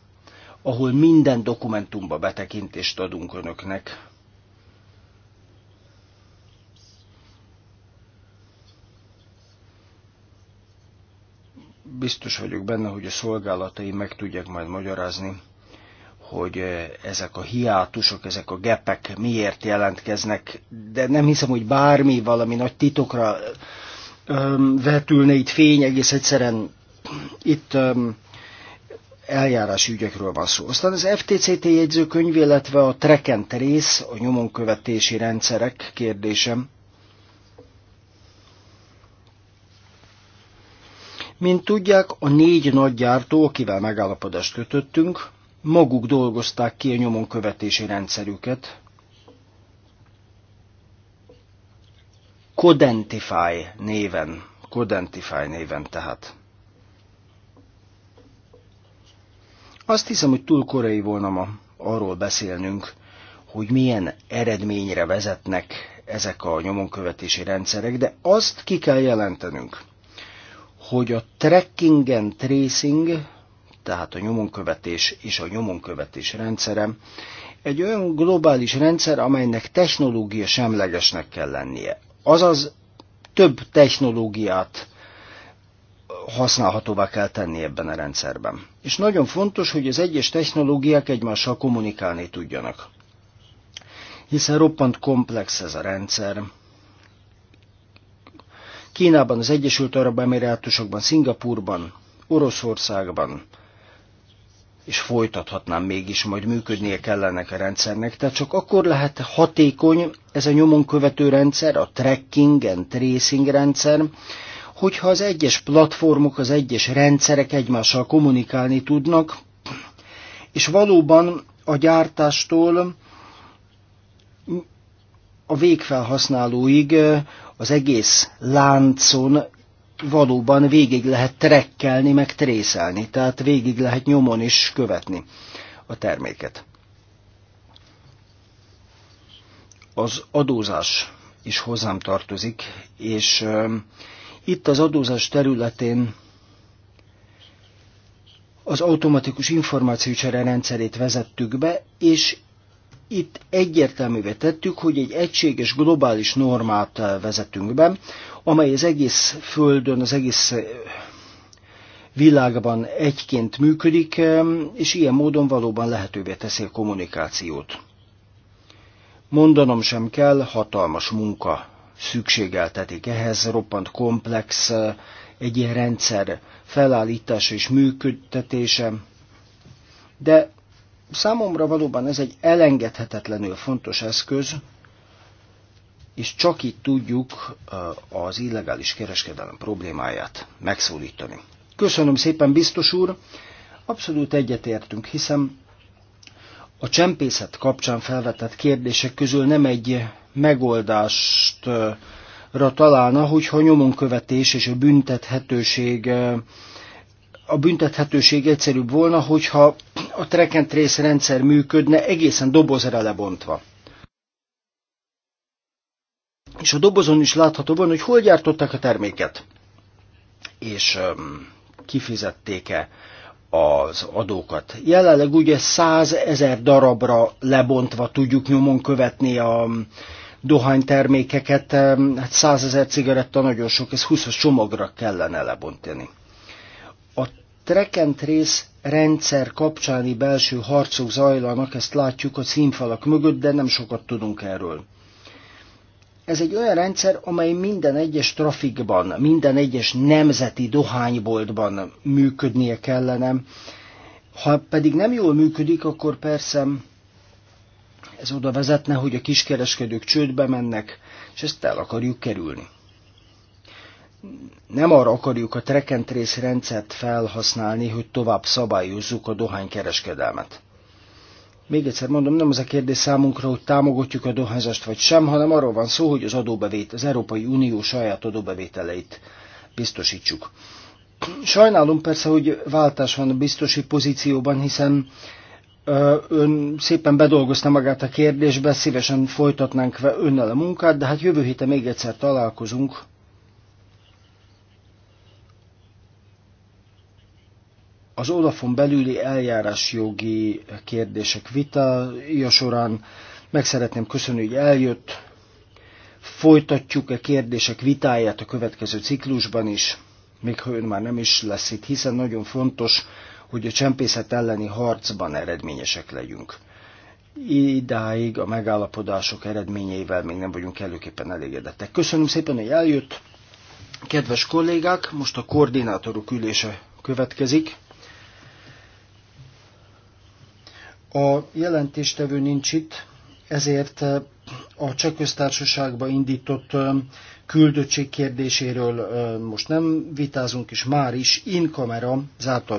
ahol minden dokumentumba betekintést adunk önöknek, biztos vagyok benne, hogy a szolgálatai meg tudják majd magyarázni, hogy eh, ezek a hiátusok, ezek a gepek miért jelentkeznek, de nem hiszem, hogy bármi valami nagy titokra öm, vetülne itt fény, egész egyszerűen itt öm, eljárási ügyekről van szó. Aztán az FTCT jegyzőkönyv, illetve a trekent rész, a nyomonkövetési rendszerek kérdésem, Mint tudják, a négy nagy gyártó, akivel megállapodást kötöttünk, maguk dolgozták ki a nyomon követési rendszerüket. Codentify néven, Codentify néven tehát. Azt hiszem, hogy túl korai volna ma arról beszélnünk, hogy milyen eredményre vezetnek ezek a nyomonkövetési rendszerek, de azt ki kell jelentenünk, hogy a tracking and tracing, tehát a nyomonkövetés és a nyomonkövetés rendszerem, egy olyan globális rendszer, amelynek technológia semlegesnek kell lennie. Azaz több technológiát használhatóvá kell tenni ebben a rendszerben. És nagyon fontos, hogy az egyes technológiák egymással kommunikálni tudjanak. Hiszen roppant komplex ez a rendszer, Kínában, az Egyesült Arab Emirátusokban, Szingapurban, Oroszországban, és folytathatnám mégis, majd működnie kellene a rendszernek. Tehát csak akkor lehet hatékony ez a nyomon követő rendszer, a tracking and tracing rendszer, hogyha az egyes platformok, az egyes rendszerek egymással kommunikálni tudnak, és valóban a gyártástól a végfelhasználóig az egész láncon valóban végig lehet trekkelni, meg trészelni, tehát végig lehet nyomon is követni a terméket. Az adózás is hozzám tartozik, és itt az adózás területén az automatikus információcsere rendszerét vezettük be, és itt egyértelművé tettük, hogy egy egységes globális normát eh, vezetünk be, amely az egész Földön, az egész eh, világban egyként működik, és ilyen módon valóban lehetővé teszi a kommunikációt. Mondanom sem kell, hatalmas munka szükségeltetik ehhez, roppant komplex eh, egy ilyen rendszer felállítása és működtetése, de Számomra valóban ez egy elengedhetetlenül fontos eszköz, és csak így tudjuk az illegális kereskedelem problémáját megszólítani. Köszönöm szépen, biztos úr! Abszolút egyetértünk, hiszen a csempészet kapcsán felvetett kérdések közül nem egy megoldást találna, hogyha nyomonkövetés és a büntethetőség a büntethetőség egyszerűbb volna, hogyha a track and trace rendszer működne egészen dobozra lebontva. És a dobozon is látható van, hogy hol gyártották a terméket, és um, kifizették-e az adókat. Jelenleg ugye 100 ezer darabra lebontva tudjuk nyomon követni a dohánytermékeket, hát 100 ezer cigaretta nagyon sok, ez 20 csomagra kellene lebontani track and rendszer kapcsáni belső harcok zajlanak, ezt látjuk a színfalak mögött, de nem sokat tudunk erről. Ez egy olyan rendszer, amely minden egyes trafikban, minden egyes nemzeti dohányboltban működnie kellene. Ha pedig nem jól működik, akkor persze ez oda vezetne, hogy a kiskereskedők csődbe mennek, és ezt el akarjuk kerülni nem arra akarjuk a track and trace rendszert felhasználni, hogy tovább szabályozzuk a dohánykereskedelmet. Még egyszer mondom, nem az a kérdés számunkra, hogy támogatjuk a dohányzást vagy sem, hanem arról van szó, hogy az adóbevét, az Európai Unió saját adóbevételeit biztosítsuk. Sajnálom persze, hogy váltás van a biztosi pozícióban, hiszen ön szépen bedolgozta magát a kérdésbe, szívesen folytatnánk önnel a munkát, de hát jövő héten még egyszer találkozunk, az Olafon belüli eljárásjogi kérdések vitája során. Meg szeretném köszönni, hogy eljött. Folytatjuk a e kérdések vitáját a következő ciklusban is, még ha ön már nem is lesz itt, hiszen nagyon fontos, hogy a csempészet elleni harcban eredményesek legyünk. Idáig a megállapodások eredményeivel még nem vagyunk előképpen elégedettek. Köszönöm szépen, hogy eljött. Kedves kollégák, most a koordinátorok ülése következik. A jelentéstevő nincs itt, ezért a Cseh Köztársaságba indított küldöttség kérdéséről most nem vitázunk, és már is in kamera zárt